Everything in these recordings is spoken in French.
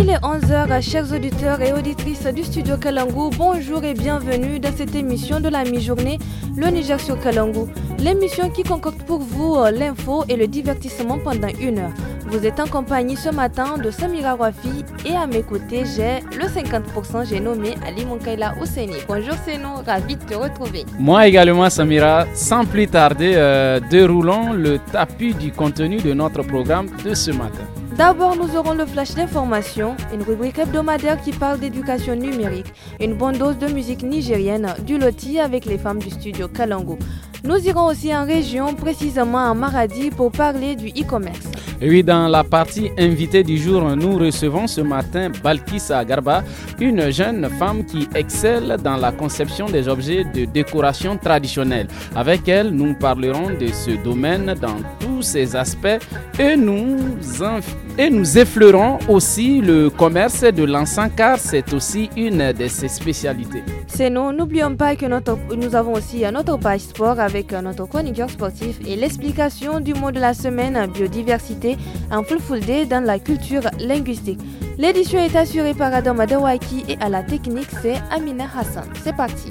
Il est chers auditeurs et auditrices du studio Kalangu, bonjour et bienvenue dans cette émission de la mi-journée, le Niger sur Kalangu l'émission qui concocte pour vous euh, l'info et le divertissement pendant une heure. Vous êtes en compagnie ce matin de Samira Wafi et à mes côtés, j'ai le 50%, j'ai nommé Ali Moukaïla Ouseni. Bonjour Seno, ravi de te retrouver. Moi également Samira, sans plus tarder, euh, déroulons le tapis du contenu de notre programme de ce matin. D'abord, nous aurons le flash d'information, une rubrique hebdomadaire qui parle d'éducation numérique, une bonne dose de musique nigérienne, du loti avec les femmes du studio Kalango. Nous irons aussi en région, précisément en Maradi, pour parler du e-commerce. oui, dans la partie invitée du jour, nous recevons ce matin Balkissa Agarba, une jeune femme qui excelle dans la conception des objets de décoration traditionnelle. Avec elle, nous parlerons de ce domaine dans tous ses aspects et nous, et nous effleurons aussi le commerce de l'encens car c'est aussi une de ses spécialités. C'est nous. N'oublions pas que nous avons aussi euh, notre page sport avec euh, notre chroniqueur sportif et l'explication du mot de la semaine biodiversité en full full day dans la culture linguistique. L'édition est assurée par Adam Adawaki et à la technique c'est Amina Hassan. C'est parti.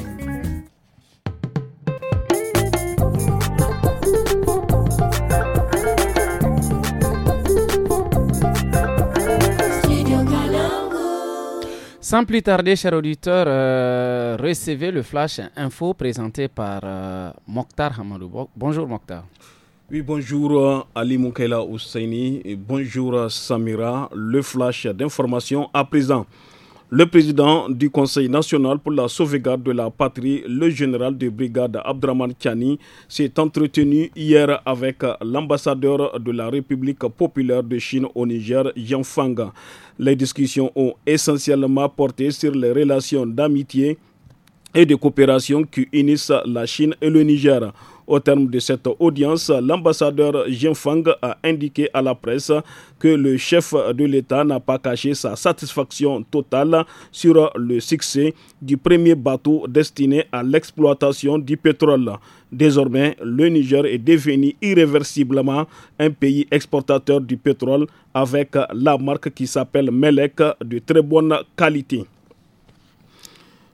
Sans plus tarder, chers auditeurs, euh, recevez le flash info présenté par euh, Mokhtar Hamadou. Bonjour Mokhtar. Oui, bonjour euh, Ali Moukela Ousseini et bonjour Samira. Le flash d'information à présent. Le président du Conseil national pour la sauvegarde de la patrie, le général de brigade Abdraman Kiani, s'est entretenu hier avec l'ambassadeur de la République populaire de Chine au Niger, Yang Fang. Les discussions ont essentiellement porté sur les relations d'amitié et de coopération qui unissent la Chine et le Niger. Au terme de cette audience, l'ambassadeur Jim Fang a indiqué à la presse que le chef de l'État n'a pas caché sa satisfaction totale sur le succès du premier bateau destiné à l'exploitation du pétrole. Désormais, le Niger est devenu irréversiblement un pays exportateur du pétrole avec la marque qui s'appelle Melek de très bonne qualité.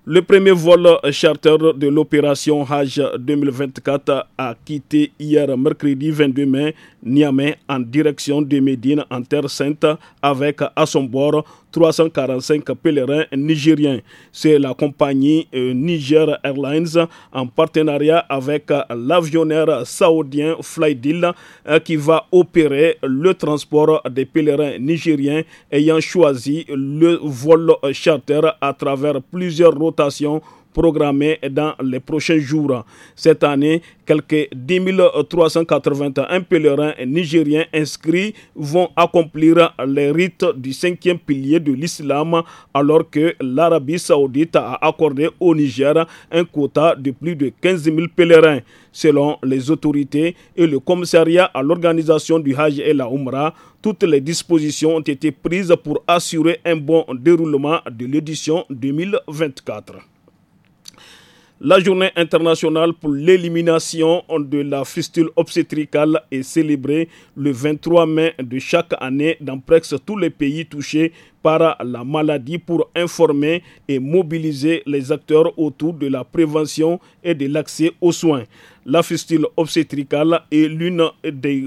Le premier vol charter de l'opération Hajj 2024 a quitté hier mercredi 22 mai Niamey en direction de Médine en Terre Sainte avec à son bord 345 pèlerins nigériens. C'est la compagnie euh, Niger Airlines en partenariat avec euh, l'avionnaire saoudien Flydeal euh, qui va opérer le transport des pèlerins nigériens ayant choisi le vol charter à travers plusieurs rotations programmés dans les prochains jours. Cette année, quelques 10 381 pèlerins nigériens inscrits vont accomplir les rites du cinquième pilier de l'islam alors que l'Arabie saoudite a accordé au Niger un quota de plus de 15 000 pèlerins. Selon les autorités et le commissariat à l'organisation du Hajj et la Umrah, toutes les dispositions ont été prises pour assurer un bon déroulement de l'édition 2024. La journée internationale pour l'élimination de la fistule obstétricale est célébrée le 23 mai de chaque année dans presque tous les pays touchés par la maladie pour informer et mobiliser les acteurs autour de la prévention et de l'accès aux soins. La fistule obstétricale est l'une des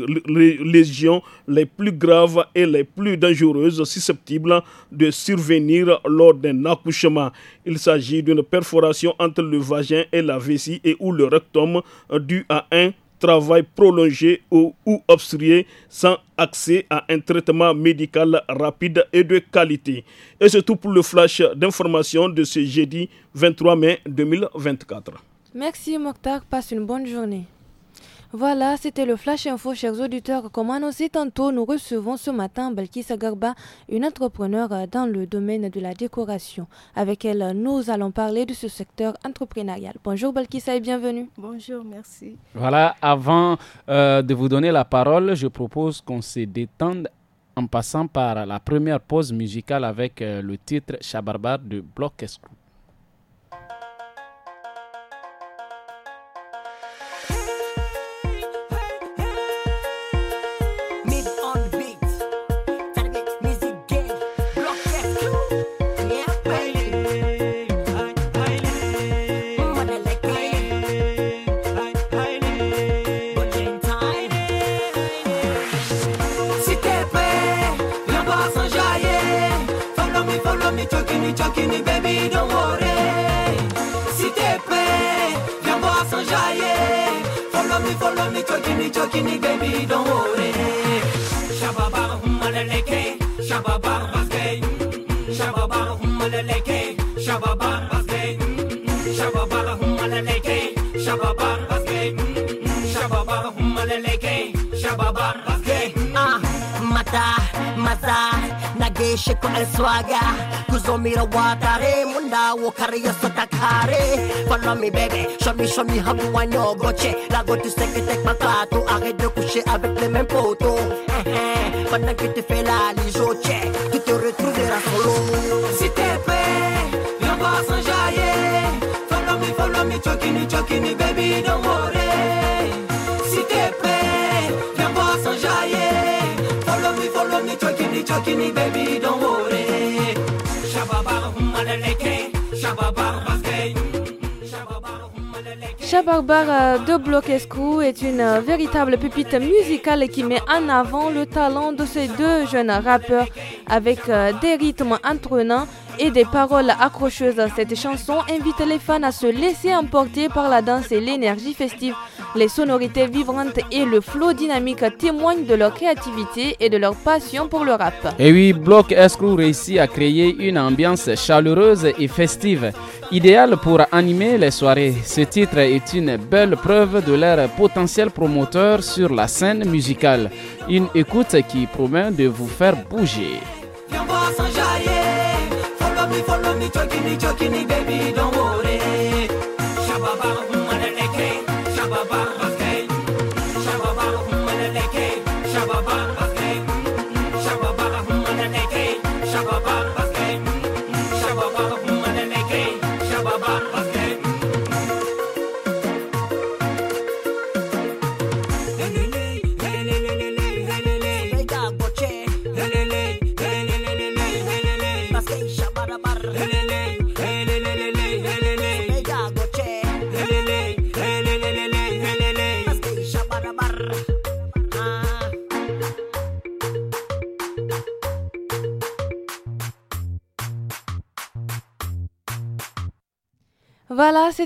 lésions les plus graves et les plus dangereuses susceptibles de survenir lors d'un accouchement. Il s'agit d'une perforation entre le vagin et la vessie et ou le rectum due à un travail prolongé ou, obstrué sans accès à un traitement médical rapide et de qualité. Et c'est tout pour le flash d'information de ce jeudi 23 mai 2024. Merci Mokhtar, passe une bonne journée. Voilà, c'était le Flash Info, chers auditeurs. Comme annoncé tantôt, nous recevons ce matin Balkissa Garba, une entrepreneur euh, dans le domaine de la décoration. Avec elle, euh, nous allons parler de ce secteur entrepreneurial. Bonjour Balkissa et bienvenue. Bonjour, merci. Voilà, avant euh, de vous donner la parole, je propose qu'on se détende en passant par la première pause musicale avec le titre chabarba de Bloc got me choking you, baby, don't worry. Si t'es prêt, viens voir sans jaillir. Follow me, follow me, choking you, baby, don't worry. Shababa, humaleleke, shababa, basgay. Shababa, humaleleke, shababa, basgay. Shababa, humaleleke, shababa, basgay. Shababa, humaleleke, shababa, basgay. Ah, mata, mata bagishe ko alswaga kuzomira watare munda wo sota kare. follow me baby show me show me how you want goche la go to sec tech ma pato arrête de coucher avec les mêmes potos eh, eh, pendant que tu fais la lisoche tu te retrouveras solo si t'es prêt viens voir s'enjailler follow me follow me chokini chokini baby don't worry de Bloquescu est une euh, véritable pépite musicale qui met en avant le talent de ces deux jeunes rappeurs avec euh, des rythmes entraînants et des paroles accrocheuses. Cette chanson invite les fans à se laisser emporter par la danse et l'énergie festive les sonorités vivantes et le flot dynamique témoignent de leur créativité et de leur passion pour le rap. Et oui, Block Escrew réussit à créer une ambiance chaleureuse et festive, idéale pour animer les soirées. Ce titre est une belle preuve de leur potentiel promoteur sur la scène musicale. Une écoute qui promet de vous faire bouger.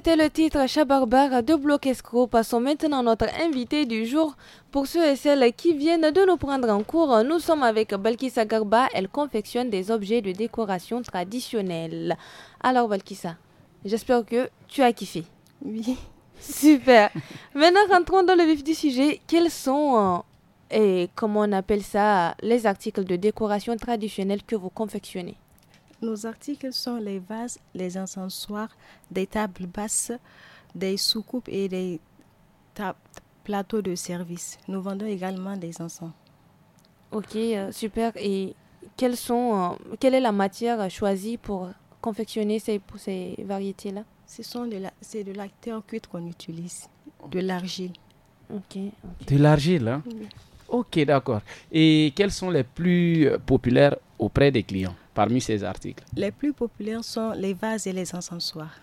c'était le titre Chat barbare de Bloc Passons maintenant à notre invité du jour. Pour ceux et celles qui viennent de nous prendre en cours, nous sommes avec Balkissa Garba. Elle confectionne des objets de décoration traditionnelle. Alors Balkissa, j'espère que tu as kiffé. Oui. Super. maintenant rentrons dans le vif du sujet. Quels sont, euh, et comment on appelle ça, les articles de décoration traditionnelle que vous confectionnez nos articles sont les vases, les encensoirs, des tables basses, des soucoupes et des plateaux de service. Nous vendons également des encens. Ok, euh, super. Et euh, quelle est la matière choisie pour confectionner ces, pour ces variétés-là Ce sont de la, c'est de la terre cuite qu'on utilise, de l'argile. Ok. De l'argile, hein oui. Ok, d'accord. Et quelles sont les plus populaires auprès des clients parmi ces articles. Les plus populaires sont les vases et les encensoirs.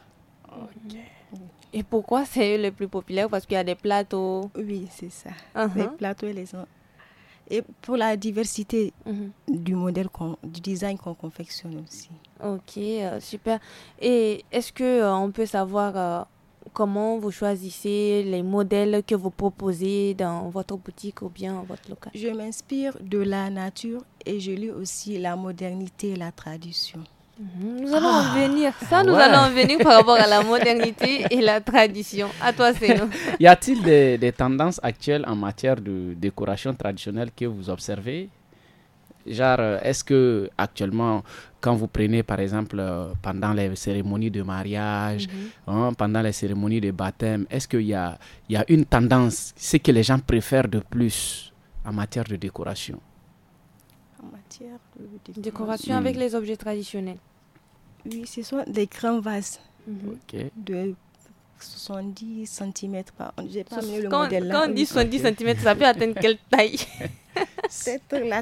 Et pourquoi c'est les plus populaires Parce qu'il y a des plateaux. Oui, c'est ça. Uh-huh. Les plateaux et les et pour la diversité uh-huh. du modèle, du design qu'on confectionne aussi. Ok, euh, super. Et est-ce que euh, on peut savoir euh, comment vous choisissez les modèles que vous proposez dans votre boutique ou bien votre local Je m'inspire de la nature et je lis aussi la modernité et la tradition. Mhm. nous allons ah. en venir. Ça, ah nous allons en venir par rapport à la modernité et la tradition. À toi, Céline. Y a-t-il des, tendances actuelles en matière de décoration traditionnelle que vous observez Genre, euh, est-ce que actuellement, quand vous prenez par exemple euh, pendant les cérémonies de mariage, mhm. hein, pendant les cérémonies de baptême, est-ce qu'il y a, une tendance, ce que les gens préfèrent de plus en matière de décoration En matière de décoration, avec hmm. les objets traditionnels Oui, ce sont des grands vases mhm. OK de 70 cm par. pas le quand, modèle là. Quand on dit 70 cm, ça peut atteindre quelle taille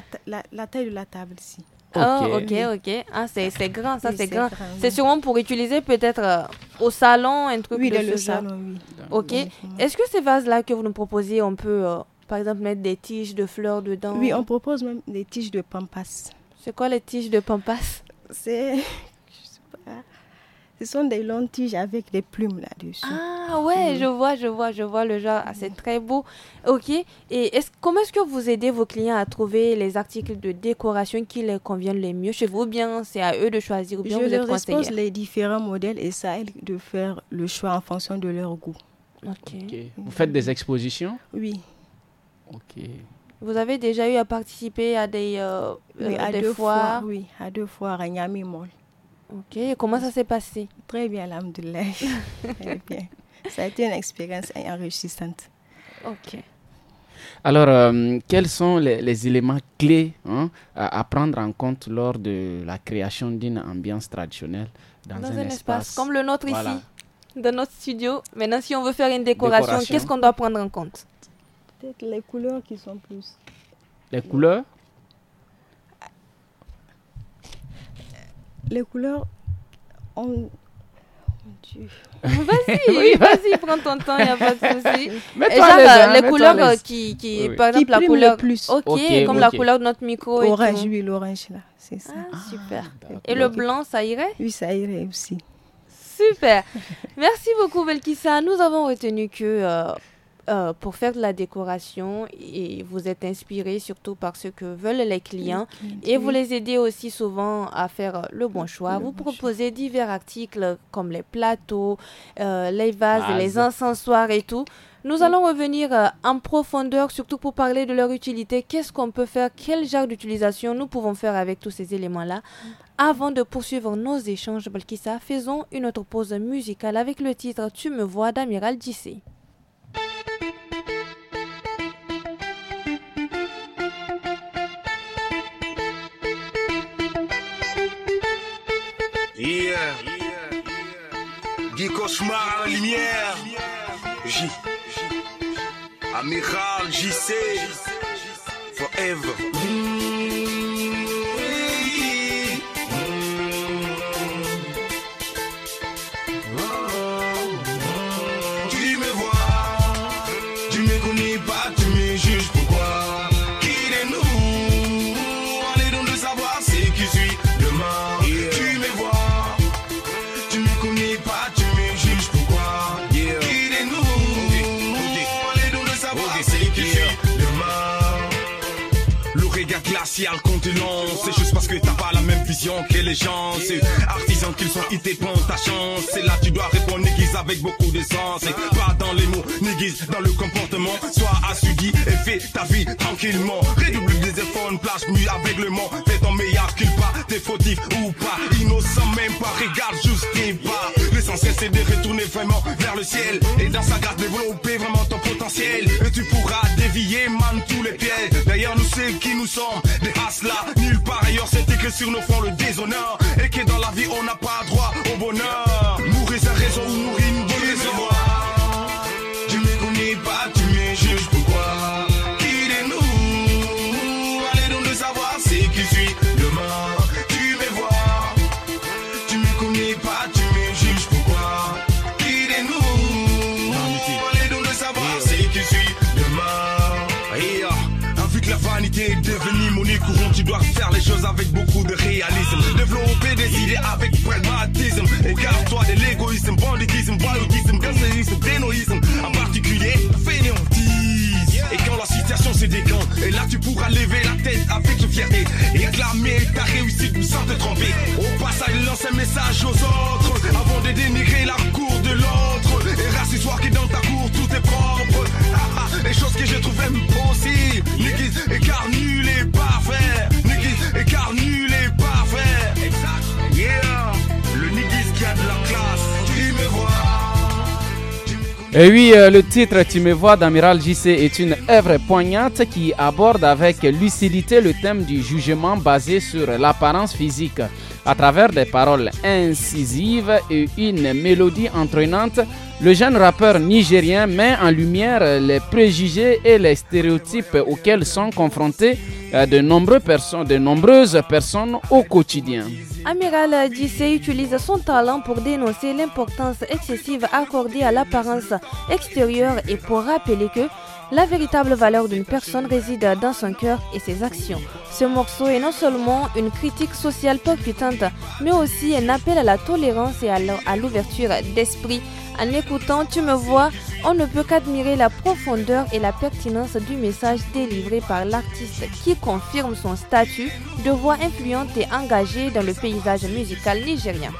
la, taille de la table ici. Oh, ok, ok. Ah, c'est grand, ça, c'est grand. C'est sûrement pour utiliser peut-être euh, au salon, un truc oui, de ce le salon, oui. Ok. Est-ce que ces vases-là que vous nous proposez, on peut, euh, par exemple, mettre des tiges de fleurs dedans Oui, on propose même des tiges de pampas. C'est quoi les tiges de pampas C'est ce sont des longues tiges avec des plumes là-dessus. Ah ouais, mm. je vois, je vois, je vois le genre. Ah, c'est très beau. Ok. Et comment est-ce que vous aidez vos clients à trouver les articles de décoration qui leur conviennent le mieux chez vous bien c'est à eux de choisir ou bien je vous leur expose les différents modèles et ça aide de faire le choix en fonction de leur goût. ok. Vous mm. faites des expositions Oui. Ok. Vous avez déjà eu à participer à des, euh, euh, à deux foires. Oui, à deux foires à Niamey Ok, comment ça s'est passé Très bien, l'air. Très bien. Ça a été une expérience enrichissante. Ok. Alors, euh, quels sont les, les éléments clés hein, à, prendre en compte lors de la création d'une ambiance traditionnelle dans, un, espace, comme le nôtre ici, dans notre studio Maintenant, si on veut faire une décoration, décoration. qu'est-ce qu'on doit prendre en compte Peut-être les couleurs qui sont plus. Les couleurs les couleurs ont. Vas-y, vas-y, prends ton temps, il n'y a pas de souci. Et à l'aise. Bah, hein, les couleurs euh, qui, qui oui, la Plus. Ok, comme la couleur de notre micro. Orange, oui, l'orange là, c'est ça. Ah, ah, super. Bah, et le blanc, ça irait Oui, ça irait aussi. Super. Merci beaucoup, Belkissa. Nous avons retenu que. Euh, euh, pour faire de la décoration et vous êtes inspiré surtout par ce que veulent les clients et vous les aidez aussi souvent à faire le bon choix. vous proposez divers articles comme les plateaux, euh, les vases, ah, les encensoirs et tout. Nous allons revenir euh, en profondeur, surtout pour parler de leur utilité. Qu'est-ce qu'on peut faire Quel genre d'utilisation nous pouvons faire avec tous ces éléments-là Avant de poursuivre nos échanges, Balkissa, faisons une autre pause musicale avec le titre Tu me vois d'Amiral Dissé. Yeah. Guy Cauchemar à la lumière. J. Amiral JC. Forever. le C'est juste parce que t'as pas la même vision que les gens. C'est artisans qu'ils sont, ils dépendent ta chance. C'est là tu dois répondre, négliges avec beaucoup sens. Et pas dans les mots, négliges dans le comportement. Sois assidu et fais ta vie tranquillement. Redouble des efforts, une plage le aveuglement. Fais ton meilleur culpa, t'es fautif ou pas. Innocent même pas, regarde juste un pas. Sans c'est de retourner vraiment vers le ciel Et dans sa garde développer vraiment ton potentiel Et tu pourras dévier man tous les pièges D'ailleurs nous c'est qui nous sommes Des là nulle part ailleurs c'était que sur nos fronts le déshonneur Et que dans la vie on n'a pas droit au bonheur Mourir sa raison ou avec beaucoup de réalisme. Développer des idées avec pragmatisme. Écarte-toi de l'égoïsme, banditisme, baloutisme, cancérisme, dénoïsme. En particulier, fainéantisme. Et quand la situation se décante, et là tu pourras lever la tête avec fierté et acclamer ta réussite sans te tromper. Au passage, lance un message aux autres avant de dénigrer la cour de l'autre. Et rassure-toi que dans ta cour tout est propre. Ah, ah les choses que je trouvais me l'église, car nul est parfait. Et car nul parfait. Le la Tu Et oui, euh, le titre Tu me vois d'Amiral JC est une œuvre poignante qui aborde avec lucidité le thème du jugement basé sur l'apparence physique. À travers des paroles incisives et une mélodie entraînante, le jeune rappeur nigérien met en lumière les préjugés et les stéréotypes auxquels sont confrontés euh, de, nombreuses personnes, de nombreuses personnes au quotidien. Amiral Dissé utilise son talent pour dénoncer l'importance excessive accordée à l'apparence extérieure et pour rappeler que la véritable valeur d'une personne réside dans son cœur et ses actions. Ce morceau est non seulement une critique sociale percutante, mais aussi un appel à la tolérance et à l'ouverture d'esprit en écoutant Tu me vois, on ne peut qu'admirer la profondeur et la pertinence du message délivré par l'artiste qui confirme son statut de voix influente et engagée dans le paysage musical nigérien.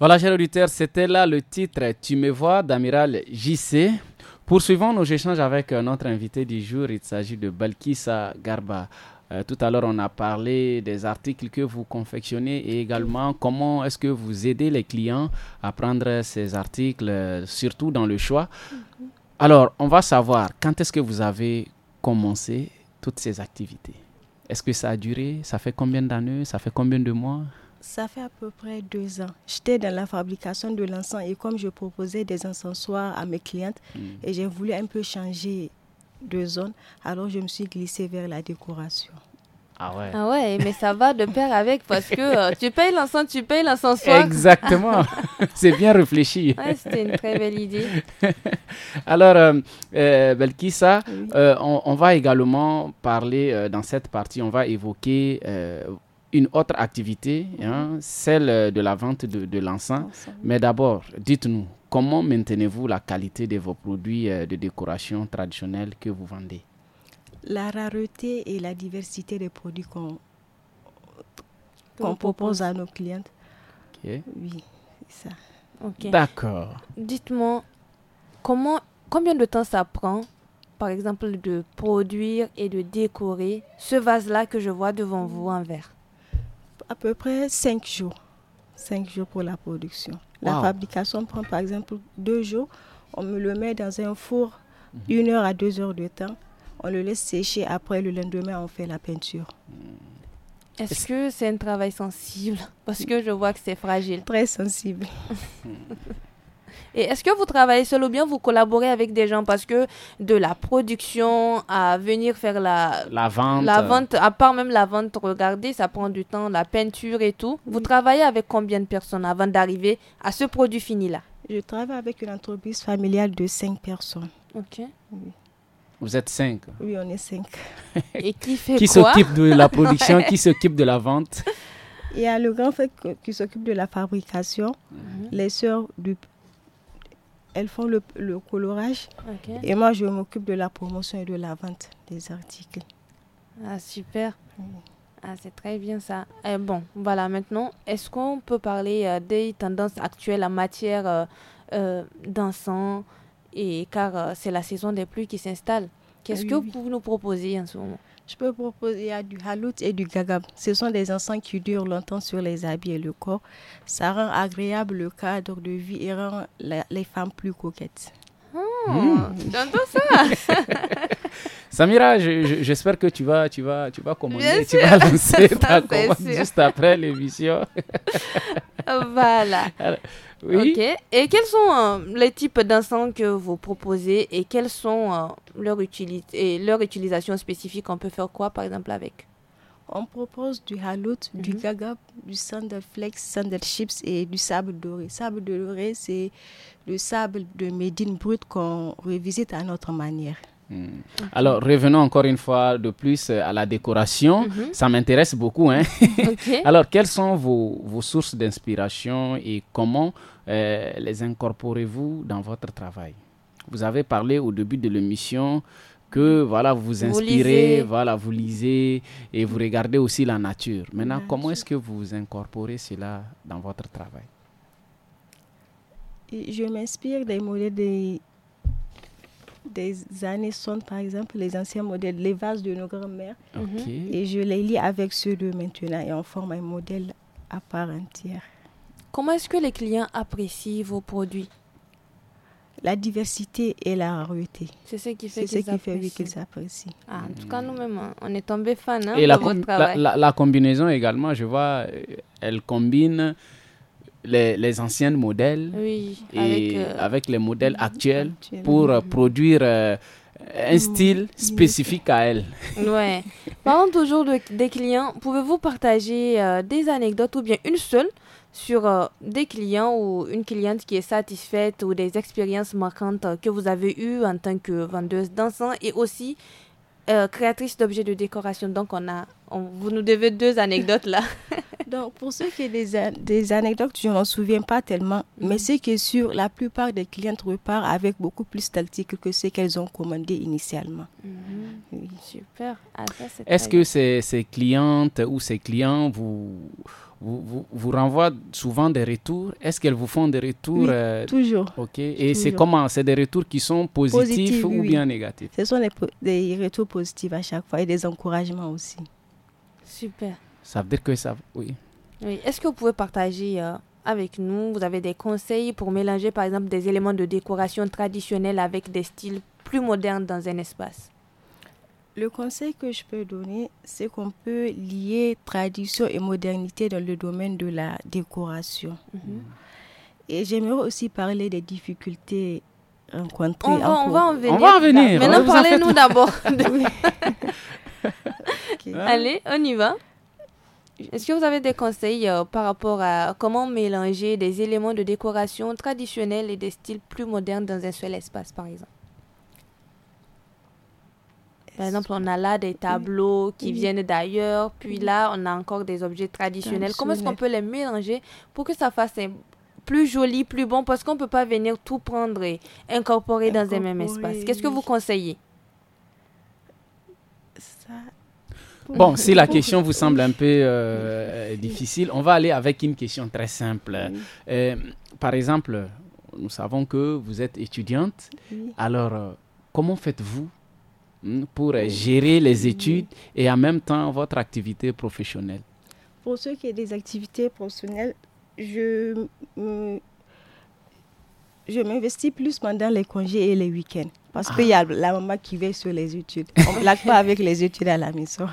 Voilà, chers auditeurs, c'était là le titre Tu me vois d'Amiral JC. Poursuivons nos échanges avec euh, notre invité du jour. Il s'agit de Balkissa Garba. Euh, tout à l'heure, on a parlé des articles que vous confectionnez et également comment est-ce que vous aidez les clients à prendre ces articles, euh, surtout dans le choix. Mhm. Alors, on va savoir quand est-ce que vous avez commencé toutes ces activités. Est-ce que ça a duré Ça fait combien d'années Ça fait combien de mois ça fait à peu près deux ans. J'étais dans la fabrication de l'encens et comme je proposais des encensoirs à mes clientes mm. et j'ai voulu un peu changer de zone, alors je me suis glissée vers la décoration. Ah, ah ouais. mais ça va de pair avec parce que euh, tu payes l'encens, tu payes l'encensoir. Exactement. C'est bien réfléchi. Ouais, c'était une très belle idée. Alors, euh, euh, Belkissa, on, va également parler dans cette partie, on va évoquer une autre activité, hein, mhm. celle de la vente de, de l'encens. Mais d'abord, dites-nous, comment maintenez-vous la qualité de vos produits de décoration traditionnels que vous vendez la rareté et la diversité des produits qu'on propose à nos clientes. Oui, c'est ça. D'accord. Dites-moi, combien de temps ça prend, par exemple, de produire et de décorer ce vase-là que je vois devant vous en verre À peu près 5 jours. 5 jours pour la production. La fabrication prend, par exemple, 2 jours. On me le met dans un four, mhm. une heure à deux heures de temps on le laisse sécher. Après, le lendemain, on fait la peinture. Est-ce que c'est un travail sensible Parce que je vois que c'est fragile. Très sensible. Et est-ce que vous travaillez seul ou bien vous collaborez avec des gens Parce que de la production à venir faire la, la vente, la vente à part même la vente, regardez, ça prend du temps, la peinture et tout. Vous travaillez avec combien de personnes avant d'arriver à ce produit fini-là Je travaille avec une entreprise familiale de cinq personnes. Ok. Oui. Vous êtes cinq. Oui, on est cinq. Et qui fait Qui s'occupe de la production Qui s'occupe de la vente Il y a le grand frère qui s'occupe de la fabrication. Mhm. Les sœurs, du, elles font le, colorage. Et moi, je m'occupe de la promotion et de la vente des articles. Ah, super. Ah, c'est très bien ça. Et eh, bon, voilà, maintenant, est-ce qu'on peut parler euh, des tendances actuelles en matière euh, euh d'encens et car euh, c'est la saison des pluies qui s'installe. Qu'est-ce ah que vous pouvez nous proposer en ce moment Je peux proposer du halout et du gagab. Ce sont des encens qui durent longtemps sur les habits et le corps. Ça rend agréable le cadre de vie et rend les femmes plus coquettes. Hmm. ça. Samira, j'espère que tu vas, tu vas, tu vas commander, tu vas lancer ta juste après l'émission. voilà. Ok. Et quels sont euh, les types d'encens que vous proposez et quelles sont euh, leurs leur, utilité, et leur utilisation spécifique On peut faire quoi, par exemple, avec on propose du halout, du mhm. gagap, du sandal flex, sandal chips et du sable doré. Sable doré, c'est le sable de Médine brut qu'on revisite à notre manière. Hmm. Alors revenons encore une fois de plus euh, à la décoration. Mhm. Ça m'intéresse beaucoup. Hein? Alors quelles sont vos, sources d'inspiration et comment euh, les incorporez-vous dans votre travail Vous avez parlé au début de l'émission que voilà, vous vous inspirez, vous voilà, vous lisez et vous regardez aussi la nature. Maintenant, comment est-ce que vous incorporez cela dans votre travail Je m'inspire des modèles des, des années 60, par exemple, les anciens modèles, les vases de nos grands-mères. Et je les lis avec ceux de maintenant et on forme un modèle à part entière. Comment est-ce que les clients apprécient vos produits la diversité et la rareté. C'est ce qui fait qu'ils s'apprécient. Ah, en tout cas, nous-mêmes, on est tombés fans. Hein, et la, la, combinaison également, je vois, euh, elle combine les, anciennes modèles euh, avec, les modèles actuels pour euh, produire. un style spécifique à elle. Ouais. Parlons toujours des clients. Pouvez-vous partager des anecdotes ou bien une seule sur euh, des clients ou une cliente qui est satisfaite ou des expériences marquantes que vous avez eues en tant que vendeuse d'encens et aussi euh, créatrice d'objets de décoration. Donc, on a, vous nous devez deux anecdotes là. Donc, pour ceux qui ont des, anecdotes, je ne souviens pas tellement, mais mm. c'est que sur la plupart des clientes repart avec beaucoup plus d'articles que ce qu'elles ont commandé initialement. Mm-hmm. Super. Ah, Est-ce que ces, ces clientes ou ces clients vous vous, vous, renvoie souvent des retours. Est-ce qu'elles vous font des retours euh, Toujours. Ok. Et c'est comment C'est des retours qui sont positifs ou bien négatifs Ce sont des retours positifs à chaque fois et des encouragements aussi. Super. Ça veut dire que ça. Oui. Oui. Est-ce que vous pouvez partager euh, avec nous Vous avez des conseils pour mélanger par exemple des éléments de décoration traditionnels avec des styles plus modernes dans un espace le conseil que je peux donner, c'est qu'on peut lier tradition et modernité dans le domaine de la décoration. Mhm. Et j'aimerais aussi parler des difficultés rencontrées. On va, en, venir. On va en venir. Maintenant, parlez-nous d'abord. Allez, on y va. Est-ce que vous avez des conseils euh, par rapport à comment mélanger des éléments de décoration traditionnels et des styles plus modernes dans un seul espace, par exemple par exemple, on a là des tableaux mm. qui mm. viennent d'ailleurs, puis mm. là, on a encore des objets traditionnels. Comment est-ce qu'on peut les mélanger pour que ça fasse plus joli, plus bon, parce qu'on ne peut pas venir tout prendre et incorporer, dans un même espace. Qu'est-ce que vous conseillez Bon, si la question vous semble un peu euh, euh, difficile, on va aller avec une question très simple. Euh, par exemple, nous savons que vous êtes étudiante. Alors, comment faites-vous Hmm, pour euh, gérer les études et en même temps votre activité professionnelle Pour ce qui est des activités professionnelles, je, je m'investis plus pendant les congés et les week-ends. Parce qu'il y a la maman qui veille sur les études. On ne blague pas avec les études à la maison.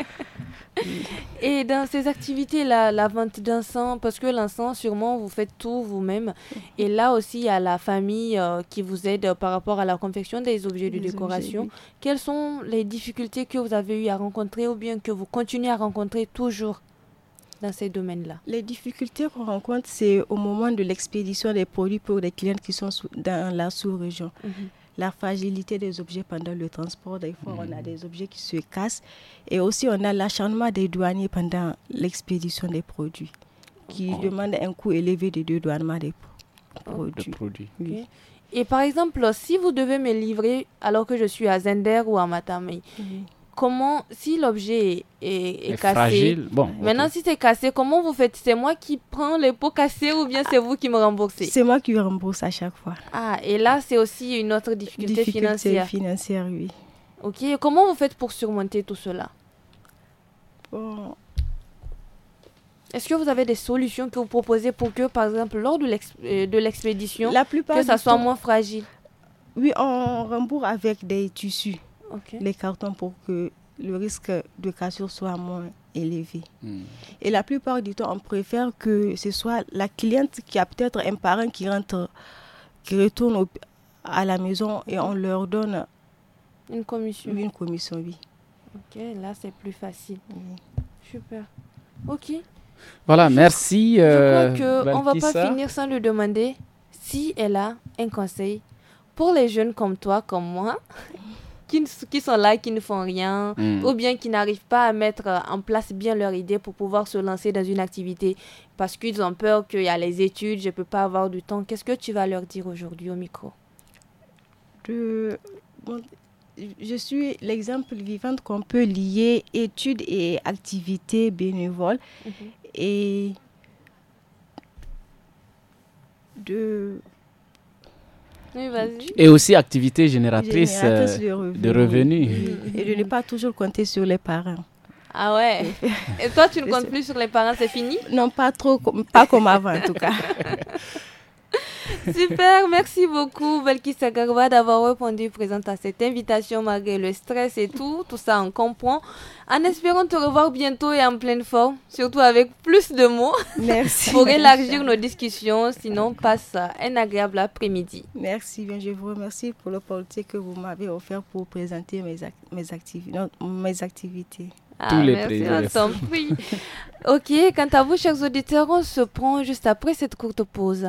Et dans ces activités-là, la vente d'encens, parce que l'encens, sûrement, vous faites tout vous-même. Et là aussi, il y a la famille euh, qui vous aide euh, par rapport à la confection des objets de décoration. Quelles sont les difficultés que vous avez eu à rencontrer ou bien que vous continuez à rencontrer toujours dans ces domaines-là Les difficultés qu'on rencontre, c'est au moment de l'expédition des produits pour les clients qui sont dans la sous-région. Mhm la fragilité des objets pendant le transport. Des fois, on a mhm. des objets qui se cassent. Et aussi, on a l'acharnement des douaniers pendant l'expédition des produits, qui demande un coût élevé de douanement des produits. Et par exemple, si vous devez me livrer alors que je suis à Zender ou à Matamei, comment, si l'objet est, cassé, Bon, maintenant si c'est cassé, comment vous faites C'est moi qui prends les pots cassés ou bien c'est vous qui me remboursez C'est moi qui rembourse à chaque fois. Ah, et là c'est aussi une autre difficulté, difficulté financière. oui. Ok, comment vous faites pour surmonter tout cela Est-ce que vous avez des solutions que vous proposez pour que, par exemple, lors de euh, l'expédition, que ça soit moins fragile Oui, on rembourse avec des tissus les cartons pour que le risque de cassure soit moins élevé. Hmm. Et la plupart du temps, on préfère que ce soit la cliente qui a peut-être un parent qui rentre, qui retourne à la maison et on leur donne une commission. Une commission, oui. Ok, là c'est plus facile. Super. Ok. Voilà, merci. Je crois euh, qu'on ne va pas finir sans lui demander si elle a un conseil pour les jeunes comme toi, comme moi, qui, sont là, qui ne font rien, hmm. ou bien qui n'arrivent pas à mettre euh, en place bien leur idée pour pouvoir se lancer dans une activité parce qu'ils ont peur qu'il y a les études, je ne peux pas avoir du temps. Qu'est-ce que tu vas leur dire aujourd'hui au micro Je suis l'exemple vivant qu'on peut lier études et activités bénévoles. Mhm. Et de et aussi activité génératrice, euh, de, revenus. Et je n'ai pas toujours compter sur les parents. Ah ouais Et toi, tu ne comptes plus sur les parents, c'est fini Non, pas trop, pas comme avant en tout cas. Super, merci beaucoup Belkis Agarwa d'avoir répondu présente à cette invitation malgré le stress et tout. Tout ça, on comprend. En espérant te revoir bientôt et en pleine forme, surtout avec plus de mots. Merci. pour élargir nos discussions. Sinon, passe un agréable après-midi. Merci, bien, je vous remercie pour le l'opportunité que vous m'avez offert pour présenter mes, mes, activités. Ah, tous les merci, ok, quant à vous, chers auditeurs, on se prend juste après cette courte pause.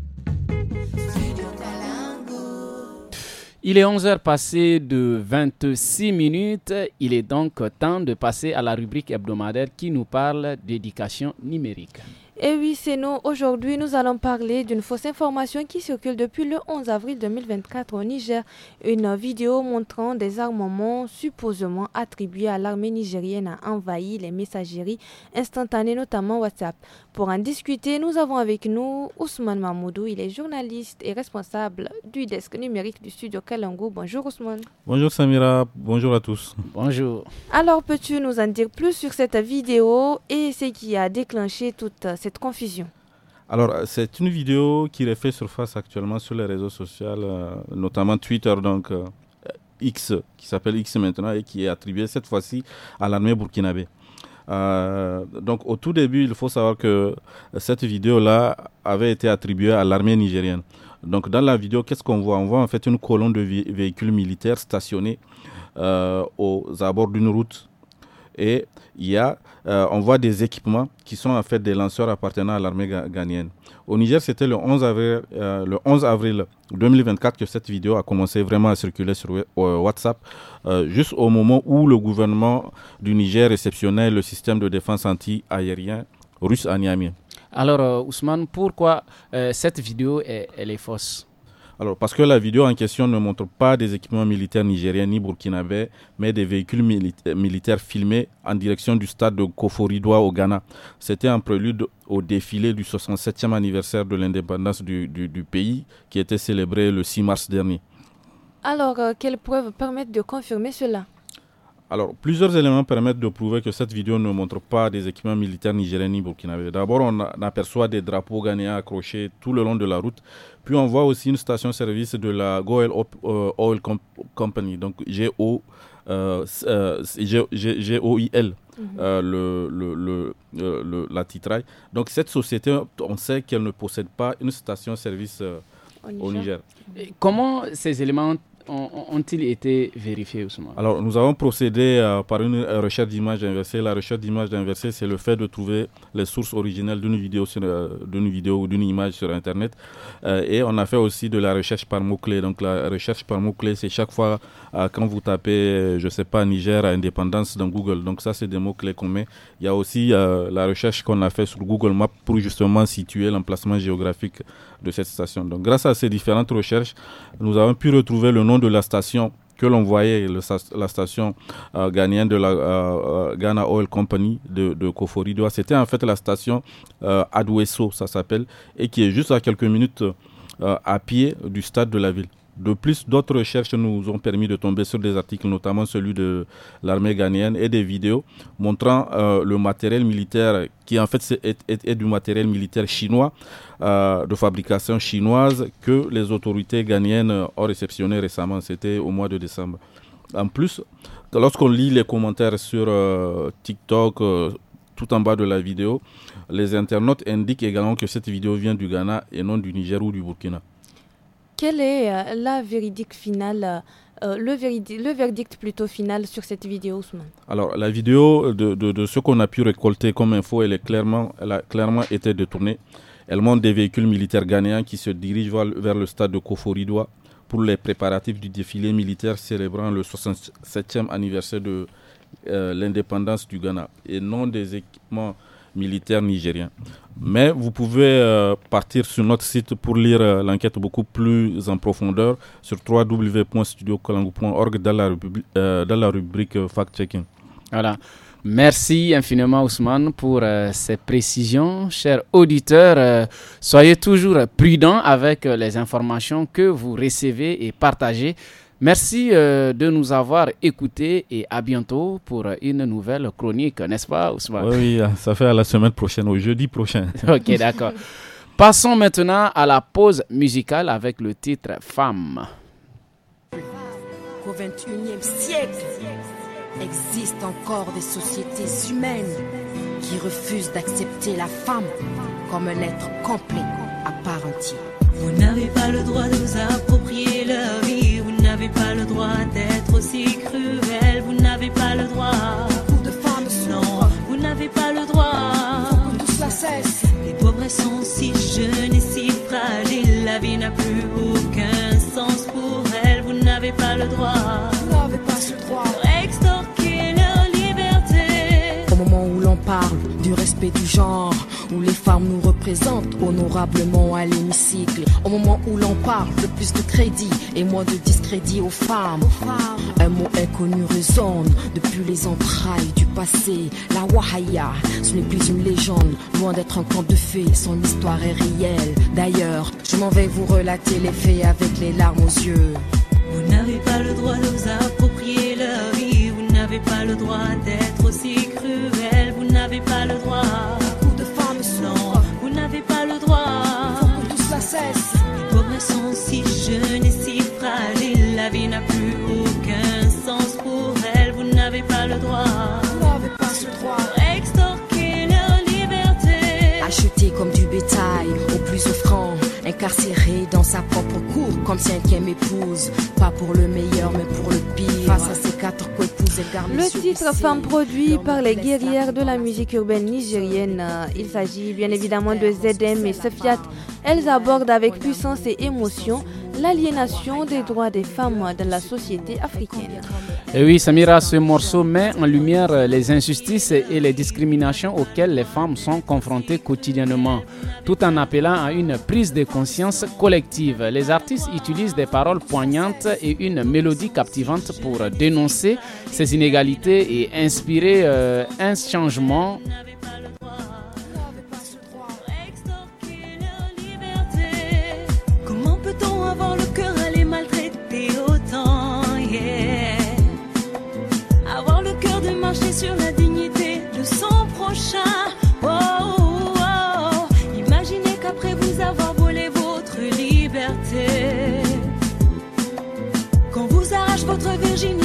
Il est 11h passé de 26 minutes. Il est donc temps de passer à la rubrique hebdomadaire qui nous parle d'éducation numérique. Et oui, c'est nous. Aujourd'hui, nous allons parler d'une fausse information qui circule depuis le 11 avril 2024 au Niger. Une vidéo montrant des armements supposément attribués à l'armée nigérienne a envahi les messageries instantanées, notamment WhatsApp. Pour en discuter, nous avons avec nous Ousmane Mahmoudou. Il est journaliste et responsable du desk numérique du studio Kalango. Bonjour Ousmane. Bonjour Samira. Bonjour à tous. Bonjour. Alors, peux-tu nous en dire plus sur cette vidéo et ce qui a déclenché toute cette confusion alors, c'est une vidéo qui refait surface actuellement sur les réseaux sociaux, euh, notamment Twitter, donc euh, X, qui s'appelle X maintenant et qui est attribuée cette fois-ci à l'armée burkinabé. Euh, donc au tout début, il faut savoir que cette vidéo-là avait été attribuée à l'armée nigérienne. Donc dans la vidéo, qu'est-ce qu'on voit On voit en fait une colonne de véhicules militaires stationnés euh, aux abords d'une route et il y a, euh, on voit des équipements qui sont en fait des lanceurs appartenant à l'armée ghanéenne. Au Niger, c'était le 11 avril, euh, le 11 avril 2024 que cette vidéo a commencé vraiment à circuler sur euh, WhatsApp, juste au moment où le gouvernement du Niger réceptionnait le système de défense anti-aérien russe à Niamey. Alors, Ousmane, pourquoi cette vidéo est, elle est fausse alors, parce que la vidéo en question ne montre pas des équipements militaires nigériens ni burkinabés, mais des véhicules militaires filmés en direction du stade de Koforidwa au Ghana. C'était un prélude au défilé du 67e anniversaire de l'indépendance du, du pays qui était célébré le 6 mars dernier. Alors, euh, quelles preuves permettent de confirmer cela alors, plusieurs éléments permettent de prouver que cette vidéo ne montre pas des équipements militaires nigériens ni burkinabés. D'abord, on aperçoit des drapeaux ghanéens accrochés tout le long de la route. Puis, on voit aussi une station-service de la Goel euh, Oil Company, donc g o euh, euh, i GOIL, mhm. le, la titraille. Donc cette société, on sait qu'elle ne possède pas une station-service au Niger. Comment ces éléments ont-ils été vérifiés, Ousmane Alors, nous avons procédé euh, par une euh, recherche d'image inversée. La recherche d'image inversée, c'est le fait de trouver les sources originelles d'une vidéo, euh, d'une vidéo ou d'une image sur Internet. et on a fait aussi de la recherche par mots-clés. Donc, la recherche par mots-clés, c'est chaque fois quand vous tapez, je ne sais pas, Niger à indépendance dans Google. Donc, ça, c'est des mots-clés qu'on met. Il y a aussi la recherche qu'on a fait sur Google Maps pour justement situer l'emplacement géographique de cette station. Donc grâce à ces différentes recherches, nous avons pu retrouver le nom de la station que l'on voyait, la station euh, de la euh, euh, Ghana Oil Company de, de C'était en fait la station euh, ça s'appelle, et qui est juste à quelques minutes euh, à pied du stade de la ville. De plus, d'autres recherches nous ont permis de tomber sur des articles, notamment celui de l'armée ghanéenne et des vidéos montrant euh, le matériel militaire qui en fait est, du matériel militaire chinois, euh, de fabrication chinoise, que les autorités ghanéennes ont réceptionné récemment, c'était au mois de décembre. En plus, lorsqu'on lit les commentaires sur euh, TikTok, tout en bas de la vidéo, les internautes indiquent également que cette vidéo vient du Ghana et non du Niger ou du Burkina. Quel est euh, la véridique finale euh, euh, le, verdict, plutôt final sur cette vidéo, Ousmane Alors, la vidéo de, ce qu'on a pu récolter comme info, elle, a clairement été détournée. Elle montre des véhicules militaires ghanéens qui se dirigent vers, le stade de Koforidois pour les préparatifs du défilé militaire célébrant le 67e anniversaire de l'indépendance du Ghana et non des équipements militaires nigériens. Mais vous pouvez euh, partir sur notre site pour lire euh, l'enquête beaucoup plus en profondeur sur www.studiocolango.org dans, euh, dans la rubrique fact-checking. Voilà. Merci infiniment Ousmane pour ces précisions. Chers auditeurs, soyez toujours prudents avec les informations que vous recevez et partagez. Merci euh, de nous avoir écoutés et à bientôt pour une nouvelle chronique, n'est-ce pas, Ousmane oui, oui, hein, ça fait à la semaine prochaine, au jeudi prochain. ok, d'accord. Passons maintenant à la pause musicale avec le titre Femme. 21 XXIe siècle existe encore des sociétés humaines qui refusent d'accepter la femme comme un être complet à part entière. Vous n'avez pas le droit de vous approprier leur d'être aussi cruel, vous n'avez pas le droit. Vous de non, vous n'avez pas le droit. tout cela cesse. Les pauvres sont si jeunes et si fragiles, la vie n'a plus aucun sens pour elles, vous n'avez pas le droit. Vous n'avez pas ce droit. Pour extorquer leur liberté. Au moment où l'on parle du respect du genre où les femmes nous représentent honorablement à l'hémicycle. Au moment où l'on parle de plus de crédit et moins de discrédit aux femmes. Un mot inconnu résonne depuis les entrailles du passé. La Wahaya, ce n'est plus une légende, loin d'être un conte de fées, son histoire est réelle. D'ailleurs, je m'en vais vous relater les faits avec les larmes aux yeux. Vous n'avez pas le droit de vous approprier leur vie, vous n'avez pas le droit d'être aussi cruel, vous n'avez pas le droit. Les sont si jeunes et si fragiles, la vie n'a plus aucun sens pour elles, vous n'avez pas le droit. Vous n'avez pas ce droit. Extorquer leur liberté. Acheter comme du bétail, au plus offrant incarcéré dans sa propre cour comme cinquième épouse. Pas pour le meilleur, mais pour le pire. Face à ses quatre épouses Le titre Femme produit par les guerrières de la musique urbaine nigérienne. Il s'agit bien évidemment de ZM et Sefiat. Elles abordent avec puissance et émotion l'aliénation des droits des femmes dans la société africaine. Et oui, Samira, ce morceau met en lumière les injustices et les discriminations auxquelles les femmes sont confrontées quotidiennement, tout en appelant à une prise de conscience collective. Les artistes utilisent des paroles poignantes et une mélodie captivante pour dénoncer ces inégalités et inspirer euh, un changement votre virginité.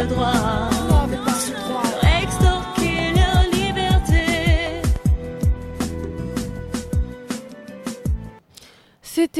le droit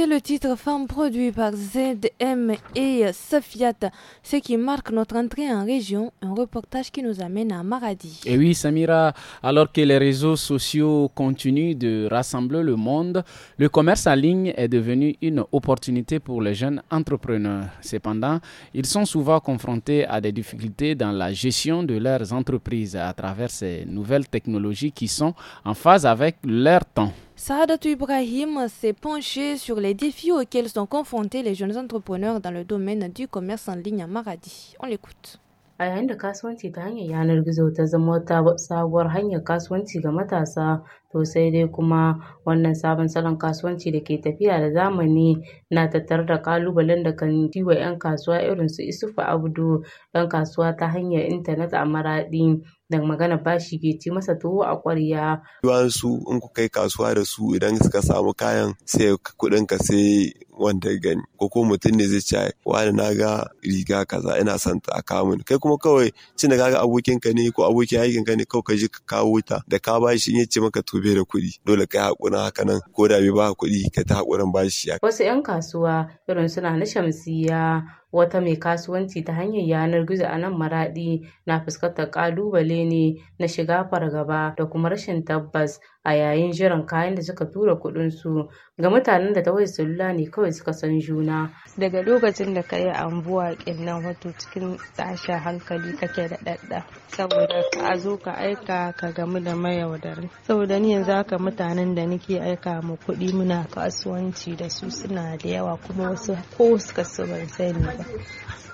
le titre Femme produit par ZM et Sofiat, ce qui marque notre entrée en région, un reportage qui nous amène à Maradi. Et eh oui, Samira, alors que les réseaux sociaux continuent de rassembler le monde, le commerce en ligne est devenu une opportunité pour les jeunes entrepreneurs. Cependant, ils sont souvent confrontés à des difficultés dans la gestion de leurs entreprises à travers ces nouvelles technologies qui sont en phase avec leur temps. Sahadat Ibrahim s'est penchée sur les défis auxquels sont confrontés les jeunes entrepreneurs dans le domaine du commerce en ligne à Maradi. On l'écoute. a yayin da kasuwanci ta hanyar yanar gizo ta zama ta sabuwar hanyar kasuwanci ga matasa to sai dai kuma wannan sabon salon kasuwanci da ke tafiya da zamani na tattar da kalubalen da kan diwa 'yan kasuwa irin su isufu abdu dan kasuwa ta hanyar intanet a maradi da magana bashi ke ci masa tuwo a ƙwarya. Yawan su in ku kai kasuwa da su idan suka samu kayan sai kuɗin ka sai wanda gani ko kuma mutum ne zai ce wani na ga riga kaza ina son ta kawo kai kuma kawai cina da ga abokin ka ne ko abokin aikin ka ne kawai ka je ka kawo ta da ka ba in ya ce maka to da kuɗi dole kai hakurin haka nan ko da bai ba kuɗi ka ta hakurin ya wasu 'yan kasuwa irin suna na shamsiya wata mai kasuwanci ta hanyar yanar gizo a nan maraɗi na fuskantar kalubale ne na shiga fargaba da kuma rashin tabbas a yayin jiran kayan da suka tura kuɗin su ga mutanen da ta wayar salula ne kawai suka san juna daga lokacin da ka yi ambuwa nan wato cikin tashin hankali kake da dadda saboda ka zo ka aika ka gamu da mayaudari saboda ni yanzu haka mutanen da nake aika mu kuɗi muna kasuwanci da su suna da yawa kuma wasu ko suka su ban sani ba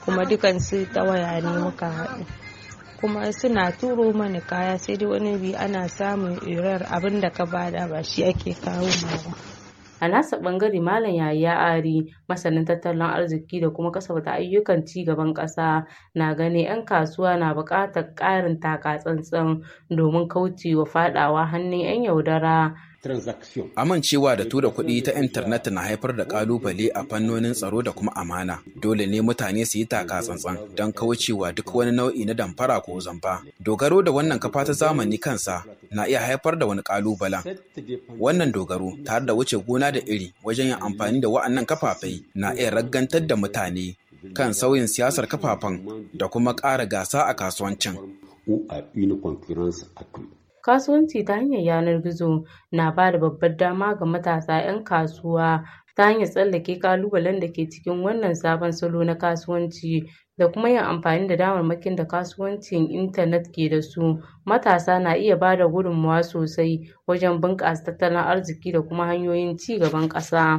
kuma dukansu ta waya ne muka haɗu kuma suna turo mana kaya sai dai wani bi ana samun irar abin da ka bada ba shi ake kawo ba. a nasa bangare malam yaya ari masanin tattalin arziki da kuma kasafta ayyukan ci gaban kasa na gani 'yan kasuwa na bukatar ƙarin taka tsantsan domin kaucewa faɗawa hannun 'yan yaudara Amincewa da tura kuɗi ta intanet na haifar da ƙalubale a fannonin tsaro da kuma amana. Dole ne mutane su yi taka tsantsan don kaucewa duk wani nau'i na damfara ko zamba. Dogaro da wannan kafa ta zamani kansa na iya haifar da wani ƙalubalen. Wannan dogaro tare da wuce gona da iri wajen yin amfani da wa'annan kafafai na iya ragantar da mutane kan sauyin siyasar kafafen da kuma ƙara gasa a kasuwancin. Kasuwanci ta hanyar yanar gizo na ba da babbar dama ga matasa 'yan kasuwa ta hanyar tsallake ƙalubalen da ke cikin wannan sabon salo na kasuwanci da kuma yin amfani da damarmakin da kasuwancin intanet ke da su, matasa na iya ba da gudunmawa sosai wajen bunƙasa tattalin arziki da kuma hanyoyin ci gaban ƙasa.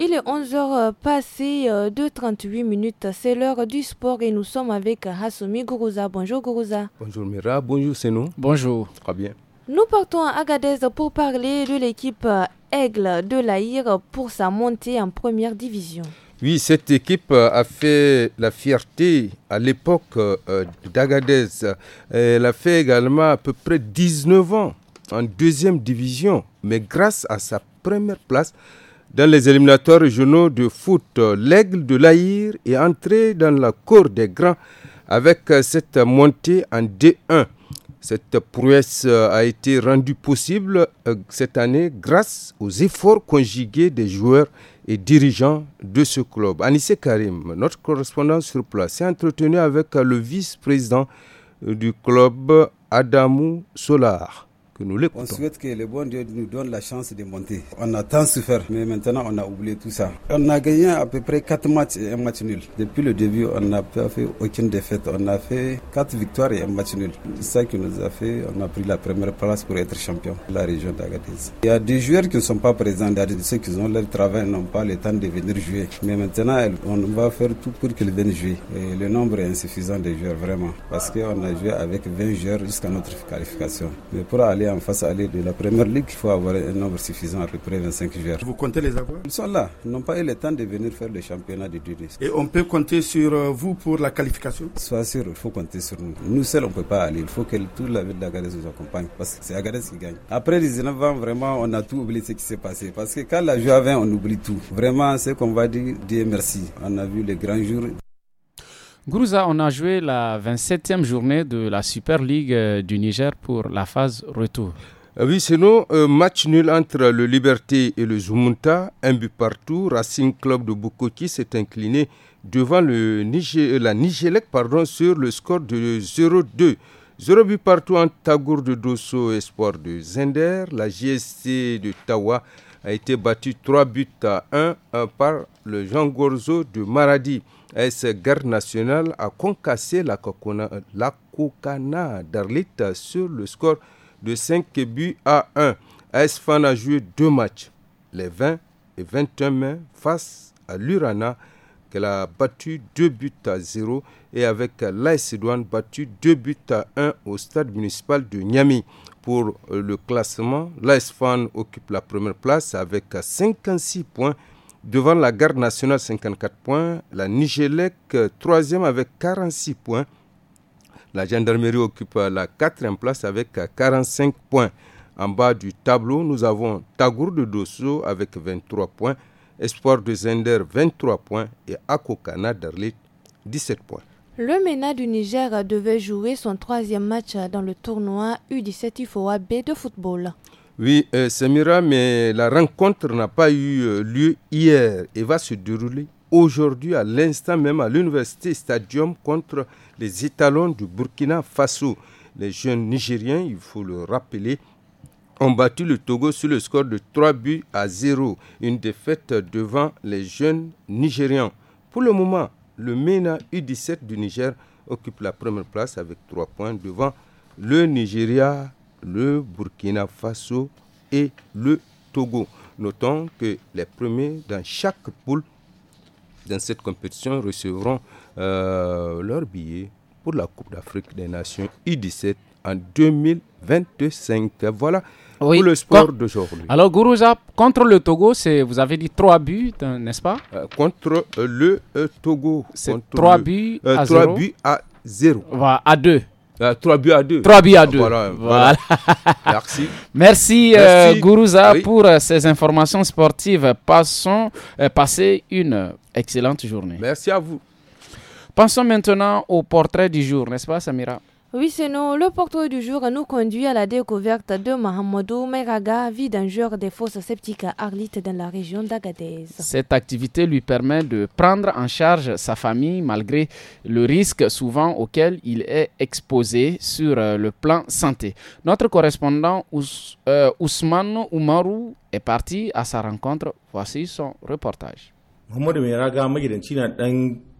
Il est 11h passé de 38 minutes. C'est l'heure du sport et nous sommes avec euh, Hassoumi Gourouza. Bonjour Gourouza. Bonjour Mira, bonjour nous. Bonjour. Très bien. Nous partons à Agadez pour parler de l'équipe euh, Aigle de l'Aïr pour sa montée en première division. Oui, cette équipe euh, a fait la fierté à l'époque d'Agadez. Elle a fait également à peu près 19 ans en deuxième division. Mais grâce à sa première place, dans les éliminatoires régionaux de foot, l'aigle de l'Aïr est entré dans la cour des grands avec cette montée en D1. Cette prouesse a été rendue possible euh, cette année grâce aux efforts conjugués des joueurs et dirigeants de ce club. Anissé Karim, notre correspondant sur place, s'est entretenu avec le vice-président euh, du club, Adamou Solar nous On souhaite que le bon Dieu nous donne la chance de monter. On a tant souffert, mais maintenant on a oublié tout ça. On a gagné à peu près 4 matchs et un match nul. Depuis le début, on n'a pas fait aucune défaite. On a fait quatre victoires et un match nul. C'est ça qui nous a fait, on a pris la première place pour être champion de la région d'Agadez. Il y a des joueurs qui ne sont pas présents, il des, ceux qui ont leur travail, n'ont pas le temps de venir jouer. Mais maintenant, on va faire tout pour qu'ils viennent jouer. Et le nombre est insuffisant de joueurs, vraiment. Parce qu'on a joué avec 20 joueurs jusqu'à notre qualification. Mais pour aller Face en face aller de la première ligue, il faut avoir un nombre suffisant à peu près 25 joueurs. Vous comptez les avoir Ils sont là, ils n'ont pas eu le temps de venir faire le championnat de Tunis. Et on peut compter sur euh, vous pour la qualification Soit sûr, il faut compter sur nous. Nous seuls, on ne peut pas aller. Il faut que toute la ville d'Agadez nous accompagne parce que c'est Agadez qui gagne. Après 19 ans, vraiment, on a tout oublié ce qui s'est passé parce que quand la joie vient, on oublie tout. Vraiment, c'est qu'on va dire Dieu merci. On a vu les grands jours. Grouza, on a joué la 27e journée de la Super League euh, du Niger pour la phase retour. Euh, oui, c'est nous. Euh, match nul entre le Liberté et le Zumunta, un but partout. Racing Club de Bukoki s'est incliné devant le Niger, la Nigelec pardon, sur le score de 0-2. 0 but partout en Tagour de Dosso, Espoir de Zender, la GSC de Tawa a été battu 3 buts à 1 par le Jean Gorzo de Maradi. AS Garde nationale a concassé la Cocona, la sur le score de 5 buts à 1. AS Fan a joué deux matchs, les 20 et 21 mai, face à l'Urana, qu'elle a battu 2 buts à 0 et avec l'AS Douane battu 2 buts à 1 au stade municipal de Niamey pour euh, le classement, l'AS occupe la première place avec 56 euh, points. Devant la garde nationale, 54 points. La Nigelec euh, troisième avec 46 points. La gendarmerie occupe la quatrième place avec 45 points. En bas du tableau, nous avons Tagour de Dosso avec 23 points, Espoir de Zender 23 points et Akokana d'Arlit 17 points. Le MENA du Niger devait jouer son troisième match dans le tournoi U17 IFOA de football. Oui, euh, Samira, mais la rencontre n'a pas eu euh, lieu hier et va se dérouler aujourd'hui à l'instant même à l'université Stadium contre les étalons du Burkina Faso. Les jeunes Nigériens, il faut le rappeler, ont battu le Togo sur le score de 3 buts à 0, une défaite devant les jeunes Nigériens. Pour le moment, le MENA U17 du Niger occupe la première place avec 3 points devant le Nigeria, le Burkina Faso et le Togo. Notons que les premiers dans chaque poule dans cette compétition recevront euh, leur billet pour la Coupe d'Afrique des Nations U17 en 2025. Voilà oui. pour le sport d'aujourd'hui. Alors, Gourouza, contre le Togo, vous avez dit trois buts, hein, n'est-ce pas euh, Contre euh, le euh, Togo. C'est trois buts, à 0. à Voilà, à 2. 3 buts à 2. Trois buts à deux. Voilà. Merci. Merci, Gourouza, pour ces informations sportives. Passons, passez une excellente journée. Merci à vous. Pensons maintenant au portrait du jour, n'est-ce pas, Samira oui, c'est nous. Le portrait du jour nous conduit à la découverte de Mahamadou Meraga, vie d'un des fosses sceptiques à dans la région d'Agadez. Cette activité lui permet de prendre en charge sa famille malgré le risque souvent auquel il est exposé sur euh, le plan santé. Notre correspondant euh, Ousmane Oumarou est parti à sa rencontre. Voici son reportage.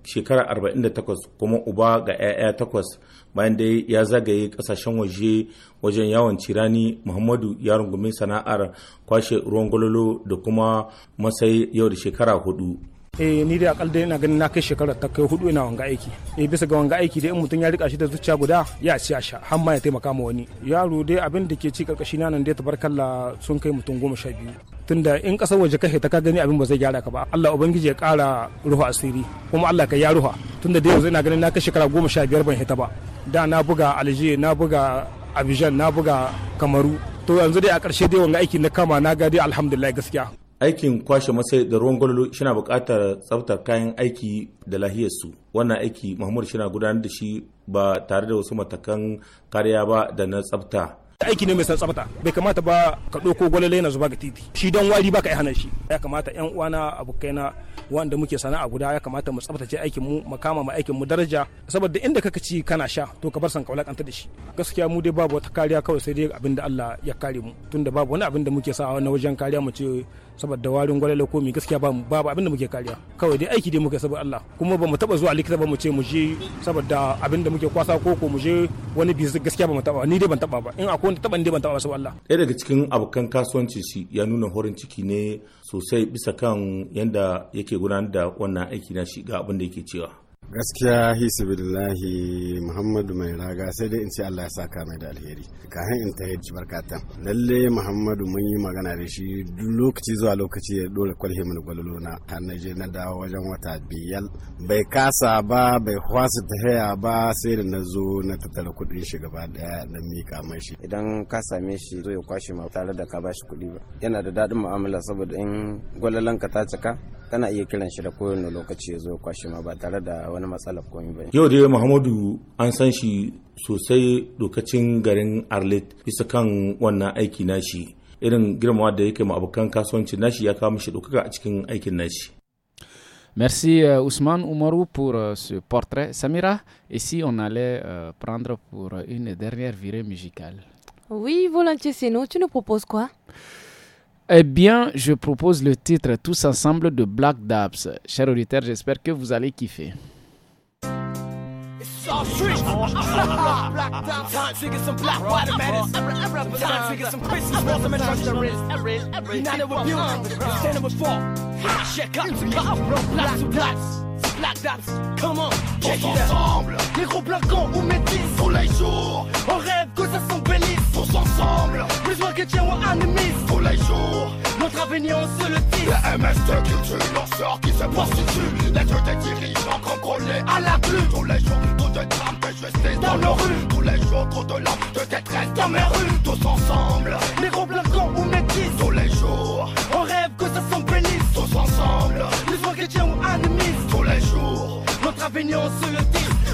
shekara 48 kuma uba ga 'ya'ya takwas bayan da ya zagaye kasashen waje wajen yawon cirani muhammadu ya rungumi sana'ar kwashe ruwan gwalolo da kuma masai yau da shekara hudu eh ni da akal dai ina ganin na kai shekara ta kai hudu ina wanga aiki eh bisa ga wanga aiki dai in mutum ya rika shi da zuciya guda ya ci a sha har ma ya taimaka ma wani yaro dai abin da ke ci karkashi na nan dai tabarkalla sun kai mutum goma sha biyu tunda in kasar waje ka ta ka gani abin ba zai gyara ka ba Allah ubangiji ya kara ruha asiri kuma Allah ka ya ruha tunda da yanzu ina ganin na kashe shekara goma sha biyar ban hita ba da na buga Alger na buga Abidjan na buga Kamaru to yanzu dai a ƙarshe dai wanga aiki na kama na gadi alhamdulillah gaskiya aikin kwashe masai da ruwan gwalolo shina buƙatar tsaftar kayan aiki da su wannan aiki mahmud shina gudanar da shi ba tare da wasu matakan kariya ba da na tsafta aiki ne mai san tsafta bai kamata ba ka ɗauko gwalale na zuba ga titi shi dan wari yi hana shi ya kamata yan uwana abokaina wanda muke sana'a guda ya kamata mu tsaftace aikin mu mu kama mu aikin mu daraja saboda inda kaka ci kana sha to ka bar san kaula kanta da shi gaskiya mu dai babu wata kariya kawai sai dai abinda Allah ya kare mu tunda babu wani abin da muke sa na wajen kariya mu ce saboda warin gwale ko mi gaskiya ba babu abin da muke kariya kawai dai aiki dai muke saboda Allah kuma ba mu taba zuwa likita ba mu ce mu je saboda abin da muke kwasa ko ko mu je wani bizu gaskiya ba mu taba ni dai ban taba ba in akwai wanda taba ni dai ban taba ba saboda Allah ɗaya daga cikin abokan kasuwanci shi ya nuna horin ciki ne sosai bisa kan yanda yake gudanar da wannan aiki na shi ga abin da yake cewa gaskiya billahi muhammadu mai raga sai dai in ce allah ya saka mai da alheri hain in ta barkatan lalle muhammadu mun yi magana da shi duk lokaci zuwa lokaci ya dole kwalhe mini gwalolo na har na je na dawo wajen wata biyar bai kasa ba bai kwasa ta haya ba sai da na zo na tattara kuɗin shi gaba daya na mika mai shi idan ka same shi zo ya kwashe ma tare da ka bashi kuɗi ba yana da daɗin mu'amala saboda in gwalalan ka ta cika kana iya kiran shi da kowane lokaci ya zo ya kwashe ma ba tare da wani matsalar komai bane yau dai muhammadu an san shi sosai dokacin garin arlet bisa kan wannan aiki nashi irin girmama da yake mu abokan kasuwanci nashi ya kawo mishi dokaka a cikin aikin nashi Merci euh, Ousmane Oumarou pour euh, ce portrait. Samira, et si on allait euh, prendre pour une dernière virée musicale. Oui, volontiers, c'est nous. Tu nous proposes quoi eh bien, je propose le titre Tous ensemble de Black Dabs. Chers auditeurs, j'espère que vous allez kiffer. all street. Time to get some black water matters. Time to get some Christmas blossom and trust the wrist. United with you, standing with fall. Check up, roadblocks, blocks. like Daps, Come on, ensemble. Les gros blancs ou métis. Tous les jours, On rêve que ça bénisse. Tous ensemble. Plus loin que tiens ou Tous les jours, Notre avenir, on se le tisse. La MS de culture, nos qui se prostitue. Les des dirigeants contrôlés à la pluie. Tous les jours, tout de drames que je sais dans, nos rues. Tous les jours, trop de larmes de détresse dans mes rues. Tous ensemble. Les gros blancs ou métis. Tous les jours. On rêve que ça bénisse. Tous ensemble. Plus loin que tiens ou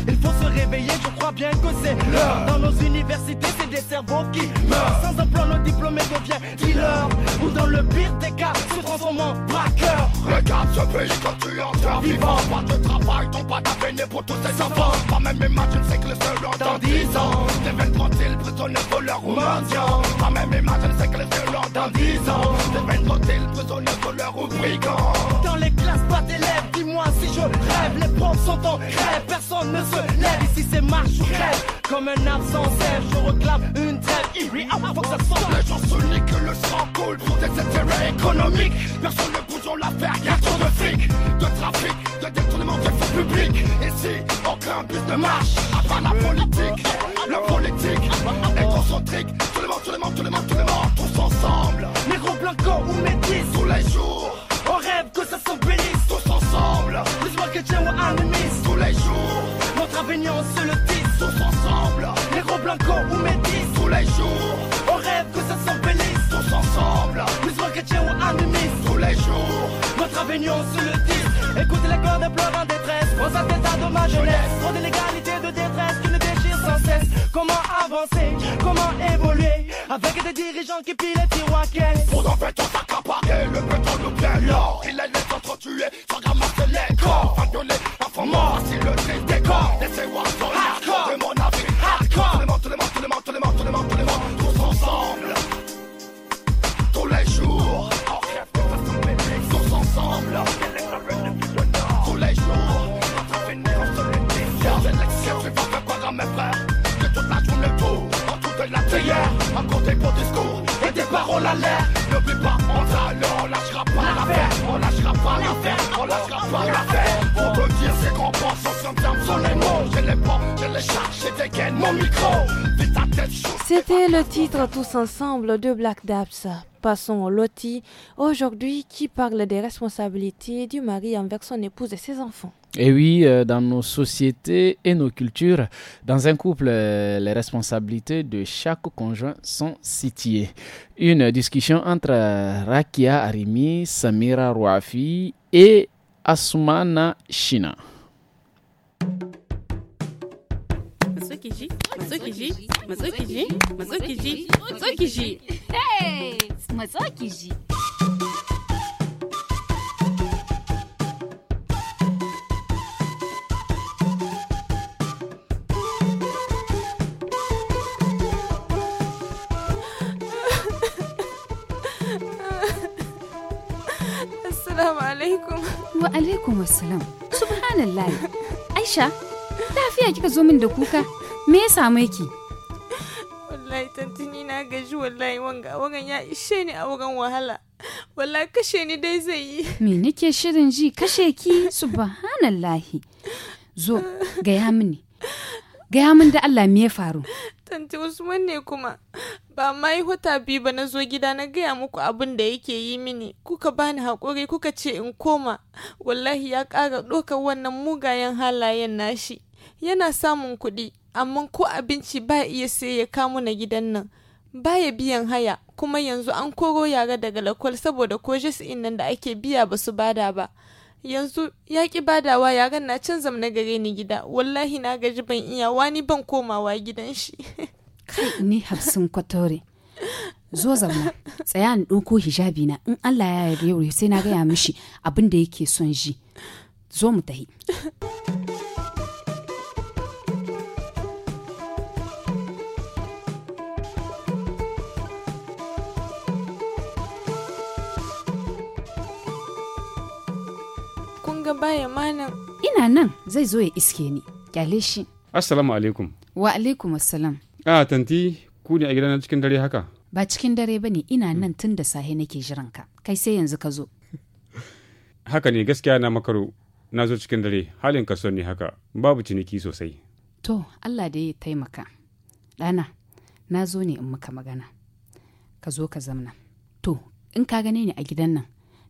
il faut se réveiller, je crois bien que c'est l'heure. Dans nos universités, c'est des cerveaux qui meurent. Sans emploi, nos diplômés deviennent dealers. Ou dans le pire des cas, se transforment en braqueurs. Regarde ce pays que tu entends vivant. Pas de travail, ton pas d'avenir pour tous tes enfants. Pas même imagine, c'est que le seul dans 10 ans. Devient tranquille, prisonnier, voleur ou mendiant. Pas même imagine, c'est que le seul dans dix ans deviendront-ils prisonniers de ou Dans les classes pas d'élèves, dis-moi si je rêve Les profs sont en grève, personne ne se lève Ici c'est marche ou crève, comme un absent sève Je reclame une trêve, il faut que ça sorte Les gens se niquent, le sang coule pour des intérêts économiques Personne ne bouge, on l'affaire, y'a trop de fric De trafic, de détournement de fonds publics Ici, aucun but ne marche, à part la politique Le politique est concentrique, tout le monde, tout le monde, tout le monde, tout le monde Tous les jours, notre avenir se le dit. Tous ensemble, blancs blanco ou métis. Tous les jours, on rêve que ça s'embellisse. Tous ensemble, tu chrétiens ou animistes. Tous les jours, notre avenir se le dit. Écoutez les de pleurs en détresse, prends sa état de ma jeunesse. Trop d'illégalité, de détresse, sans cesse. Comment avancer, comment évoluer avec des dirigeants qui pilent les tiroirs Faudra péter s'accaparer, le pétrole nous plaît l'or. Il est les entretués, sans ramasser les corps. Fabioler, la mort, si le triste décor. Laissez-moi sur l'arc de mon Des beaux discours et des paroles à l'air Ne pas en talent, on lâchera pas l'affaire On lâchera pas l'affaire, on lâchera pas l'affaire c'était le titre tous ensemble de Black Daps. Passons au loti aujourd'hui qui parle des responsabilités du mari envers son épouse et ses enfants. Et eh oui, euh, dans nos sociétés et nos cultures, dans un couple, euh, les responsabilités de chaque conjoint sont situées. Une discussion entre euh, Rakia Arimi, Samira Rouafi et Asumana Shina. matsukiji matsukiji matsukiji matsukiji matsukiji hey matsukiji Assalamu alaikum. Wa alaikum assalam. Subhanallah. Aisha, lafiya kika zo min da kuka? me ya same ki wallahi tantini na gaji wallahi wanga wangan ya ishe ni a wagan wahala wallahi kashe ni dai zai yi me nake shirin ji kashe ki subhanallahi zo gaya mini gaya min da Allah me ya faru tanti wasu ne kuma ba ma yi wata biyu ba na zo gida na gaya muku abin da yake yi mini kuka bani haƙuri kuka ce in koma wallahi ya ƙara ɗokar wannan mugayen halayen nashi yana samun kuɗi amma ko abinci ba iya sai ya kamo na gidan nan baya biyan haya kuma yanzu an koro yara daga lakwal saboda ko in nan da ake biya ba su bada ba yanzu ya ki badawa yaran na can zamna gare ni gida wallahi na gaji ban iya wani ban komawa gidan shi kai ni hafsin kwatore zo zauna tsaya ni ɗauko hijabi na in Allah ya yarda yau sai na gaya mishi abin da yake son ji zo mu tahi baya manan. Ina nan zai zo ya iske ni, kyale shi. Assalamu alaikum. Wa alaikum assalam. A tanti ku ne a gidana cikin dare haka? Ba cikin dare ba ne ina nan tun da sahe nake jiran ka kai sai yanzu ka zo. haka ne gaskiya na makaro, na zo cikin dare halin ka ne haka, babu ciniki sosai. To, Allah da ya taimaka. Ɗana, na zo ne in maka magana. Ka zo ka zamna. To, in ka gane ni a gidan nan,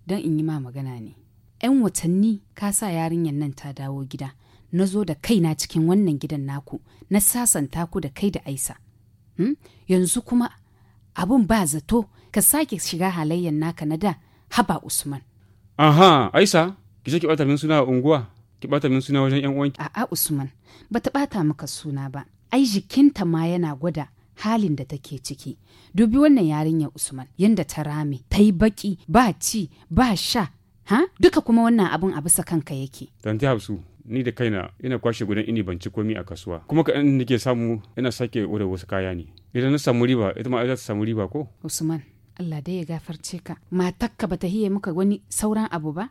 don in yi ma magana ne. 'yan watanni ka sa yarinyar nan ta dawo gida na zo da kaina cikin wannan gidan naku na sasanta ku da kai da aisa hmm? yanzu kuma abun ba zato ka sake shiga halayyar naka na da haba usman aha aisa ki ce ki bata min suna unguwa ki bata min suna wajen yan uwanki a'a usman bata bata maka suna ba ai jikinta ma yana gwada halin da take ciki dubi wannan yarinyar usman yanda ta rame ta yi baƙi. ba ci ba sha ha duka kuma wannan abin a bisa kanka yake tanti hafsu ni da kaina ina kwashe gudan ini ban ci komi a kasuwa kuma kaɗan nake samu ina sake wada wasu kaya ne idan na samu riba ita ma za ta samu riba ko usman allah dai ya gafarce ka matakka bata hiye muka wani sauran abu ba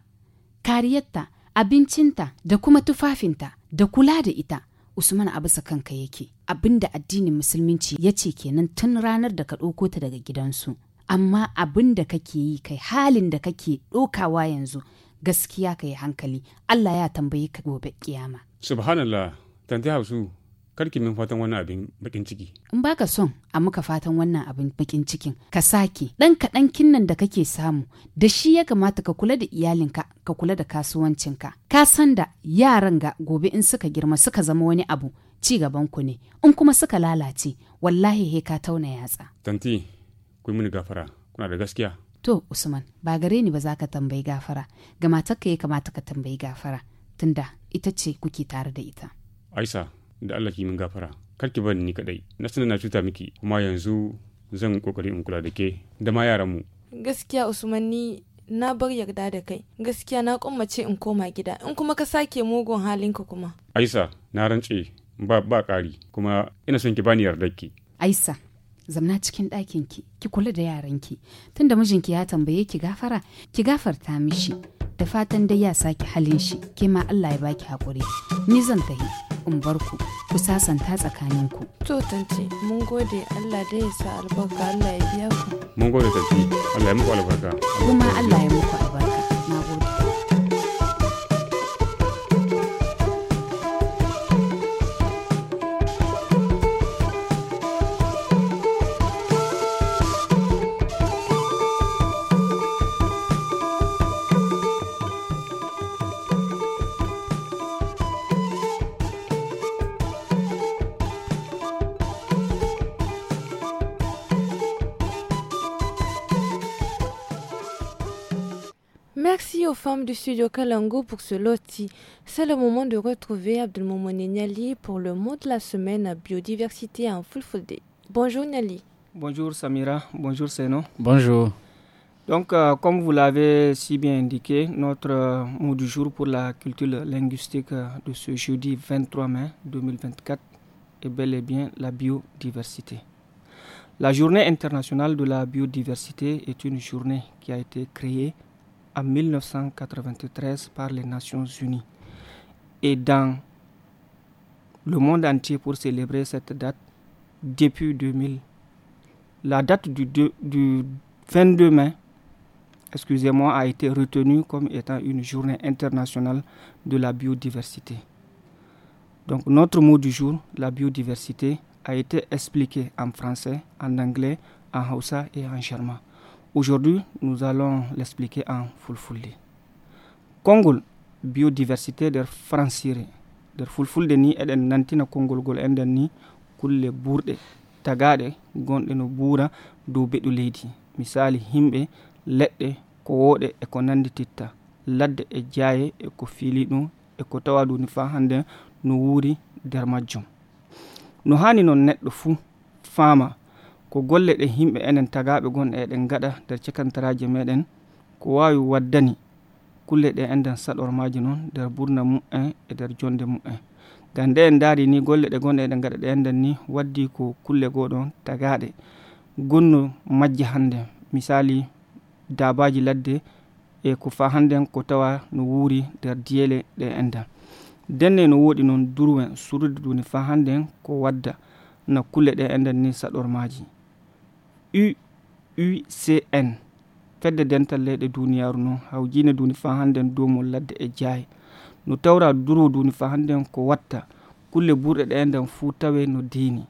kariyarta abincinta da kuma tufafinta da kula da ita usman a bisa kanka yake abinda addinin musulminci ya ce kenan tun ranar da ka ɗauko ta daga gidansu amma abin da kake yi kai halin da kake ɗokawa yanzu gaskiya ka yi hankali Allah ya tambayi ka gobe kiyama. Subhanallah, tanti hausu karki min fatan wannan abin bakin ciki. In baka son a muka fatan wannan abin bakin cikin ka sake ɗan kaɗan kinnan da kake samu da shi ya kamata ka kula da iyalinka ka kula da kasuwancinka. Ka san da yaran ga gobe in suka girma suka zama wani abu ci gaban ku ne in kuma suka lalace wallahi he ka tauna yatsa. Tanti kun mini gafara kuna da gaskiya to usman ba gare ni ba za ka tambayi gafara ga matarka ya kamata ka tambayi gafara tunda ita ce kuke tare da ita aisa da allah ki min gafara kar ki bani ni kadai na sanar na cuta miki kuma yanzu zan kokari in kula da ke da ma yaran mu gaskiya usman ni na bar yarda da kai gaskiya na kummace in koma gida in kuma ka sake mugun halinka kuma aisa na rantse ba ba ƙari kuma ina son ki bani yardarki aisa zamna cikin ɗakin ki ki kula da yaran ki tunda mijinki ya tambaye ki gafara ki gafarta mishi da fatan dai ya saki halin shi ke ma Allah ya baki hakuri ni zan tahi in bar ku ku sasanta tsakanin ku to tance mun gode Allah dai ya sa albarka Allah ya biya ku mun gode tafi Allah ya muku albarka kuma Allah ya muku albarka aux du studio Kalango pour ce loti. C'est le moment de retrouver Abdelmoumoune Niali pour le mot de la semaine à biodiversité en full full Bonjour Niali. Bonjour Samira, bonjour Seno. Bonjour. Donc, euh, comme vous l'avez si bien indiqué, notre euh, mot du jour pour la culture linguistique euh, de ce jeudi 23 mai 2024 est bel et bien la biodiversité. La journée internationale de la biodiversité est une journée qui a été créée en 1993 par les Nations Unies. Et dans le monde entier pour célébrer cette date depuis 2000. La date du, du 22 mai, excusez-moi, a été retenue comme étant une journée internationale de la biodiversité. Donc notre mot du jour, la biodiversité, a été expliqué en français, en anglais, en haussa et en germain. aujourd'hui nous allons l'expliquer en fulfulde konngol biodiversité nder franciré nder fulfulde ni eɗen nantina konngol ngol enɗen ni kulle ɓurɗe tagaɗe gonɗe no ɓuura dow beɗu leydi misali himɓe leɗɗe ko wooɗe e ko nandi titta ladde e jaaye e ko fiili ɗum e ko tawa ɗu ni fa hannden no wuuri nder majjum no haani noon neɗɗo fuu faama ko golle ɗe yimɓe enen tagaɓe gon eɗen gaɗa nder cakantaraji meɗen ko wawi waddani kulle ɗe enden saɗor maji noon nder ɓurna mu'en e nder jonde mu'en gam nde en daari ni golle ɗe gonɗe eɗen gaɗa ɗe enden ni waddi ko kulle goɗon tagaɗe gonno majje hande misali dabaji ladde e ko fa handen ko tawa no wuuri nder diyele ɗe enden denne no woɗi noon durwen surudduni fa handen ko wadda no kulle ɗe enden ni saɗor maji uucn fedde dental leyɗe duniyaru noon haw jina duni fa hannden domol ladde e jaaye no tawra duro duni fa hannden ko watta kulle burɗe ɗe enden fuu tawe no deeni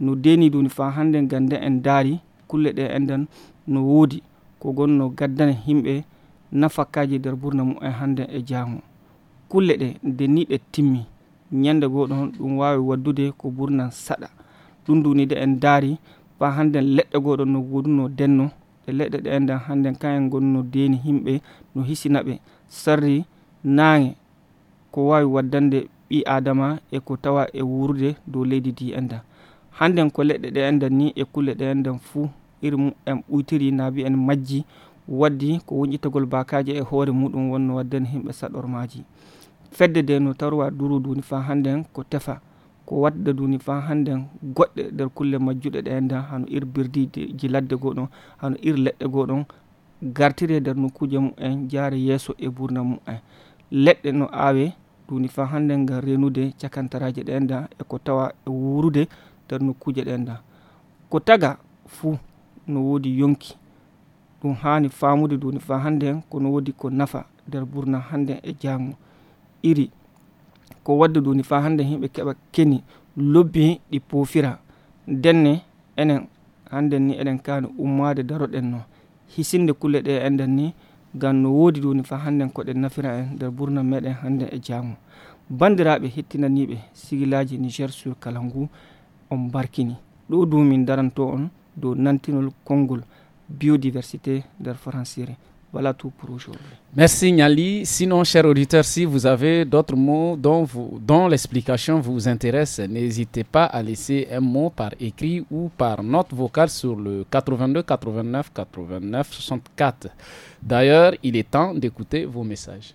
no deeni duni fa hannden gannden en daari kulle ɗe enden no woodi ko gon no gaddane himɓe nafakkaji e nder burna mum en hannden e jaamu kulle ɗe nde niɗe timmi ñannde goɗoon ɗum waawi waddude ko burnan saɗa ɗum duni de en daari fa hannden leɗɗe goɗon no goduno denno ɗe leɗɗe ɗe enden hannden kayen gonno deeni himɓe no hisinaɓe sarri naage ko wawi waddande ɓi adama e ko tawa e wurde dow leydi di enda hannden ko leɗɗe ɗe enden ni e kulle ɗe enden fuu iri en ɓuytiri naabi en majji waddi ko wuƴitagol bakaji e hoore muɗum wonno waddani himɓe saɗormaji fedde de no tarowa duruduni fa hannden ko tefa ko wadda duni fa hannden goɗɗe nder kulle majjuɗe ɗe nden hano ir birdiji ladde goɗon hano ir leɗɗe goɗon gartire nder nokkuje mumen jaare yeeso e burna mumen leɗɗe no awe duni fa hannden ngam renude cakantaraje ɗe nden e ko tawa e wurude nder nokkuje ɗe nden ko taga fuu no woodi yonki ɗum hani faamude duni fa hannden kono woodi ko nafa nder burna hannden e jaamu iri ko wadde ni fa hande himɓe keɓa keni lobbi ɗi poofira denne enen hande ni eɗen kaani ummade daroɗen no hisinde kulle ɗe bien, e ni no fa nafira en burna meɗen hande e jaamu bandiraɓe hettinaniɓe sigilaji niger sur Kalangu, on barkini ɗo dumin daranto on dow nantinol kongol biodiversité nder françire voilà tout pour aujourd'hui. Merci Nali. Sinon, chers auditeurs, si vous avez d'autres mots dont, dont l'explication vous intéresse, n'hésitez pas à laisser un mot par écrit ou par note vocale sur le 82 89 89 64. D'ailleurs, il est temps d'écouter vos messages.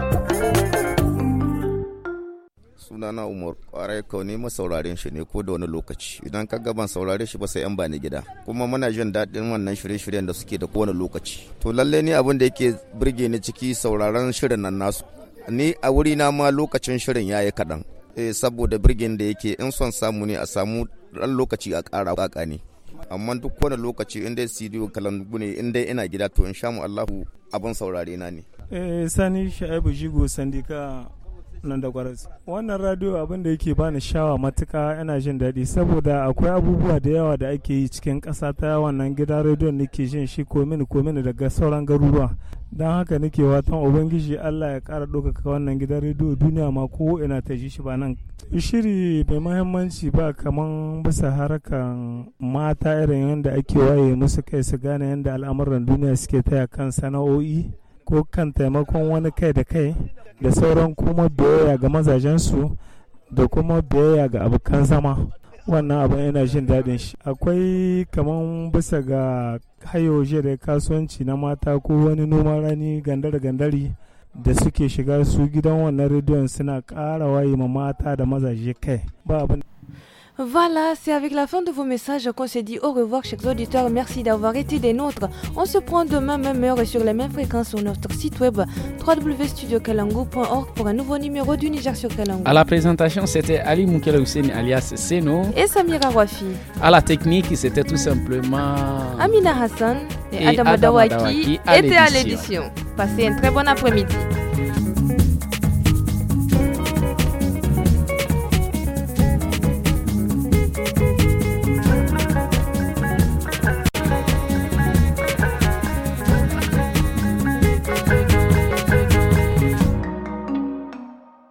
sunana umar kwarai kaune sauraren shi ne ko da wani lokaci idan ka gaban saurare shi ba sai yan bani gida kuma muna jin daɗin wannan shirye-shiryen da suke da kowane lokaci to lalle ne abin da yake burge ni ciki sauraren shirin nan nasu ni a wuri na ma lokacin shirin yayi kaɗan eh, saboda birgin da yake in son samu ne a samu ɗan lokaci a ƙara ƙaƙa ne amma duk wani lokaci in dai studio kalan gune in dai ina gida to in sha mu Allahu abin saurare na ne eh sani shaibu jigo sandika nan da wannan radio abinda yake bani shawa matuka yana jin daɗi saboda akwai abubuwa da yawa da ake yi cikin ƙasa ta wannan gidan rediyon nake jin shi ko mini daga sauran garuruwa don haka nake watan ubangiji allah ya kara ɗaukaka wannan gidan radio duniya ma ko ina ta ji shi ba nan shiri mai mahimmanci ba kaman bisa harkan mata irin yadda ake waye musu kai su gane yadda al'amuran duniya suke taya kan sana'o'i ko kan taimakon wani kai da kai da sauran kuma biyayya ga mazajensu da kuma biyayya ga abokan zama wannan abin yana jin daɗin shi akwai kaman bisa ga hayo da kasuwanci na mata ko wani noman rani gandare-gandare da suke shiga su gidan wannan rediyon suna ƙara waye ma mata da mazaje kai ba abin Voilà, c'est avec la fin de vos messages qu'on s'est dit au revoir, chers auditeurs. Merci d'avoir été des nôtres. On se prend demain, même heure et sur les mêmes fréquences sur notre site web www.studiokalango.org pour un nouveau numéro du Niger sur Kalangu. À la présentation, c'était Ali Moukela Hussein alias Seno et Samira Wafi. À la technique, c'était tout simplement Amina Hassan et, et Adam Adawaki étaient à l'édition. Passez un très bon après-midi.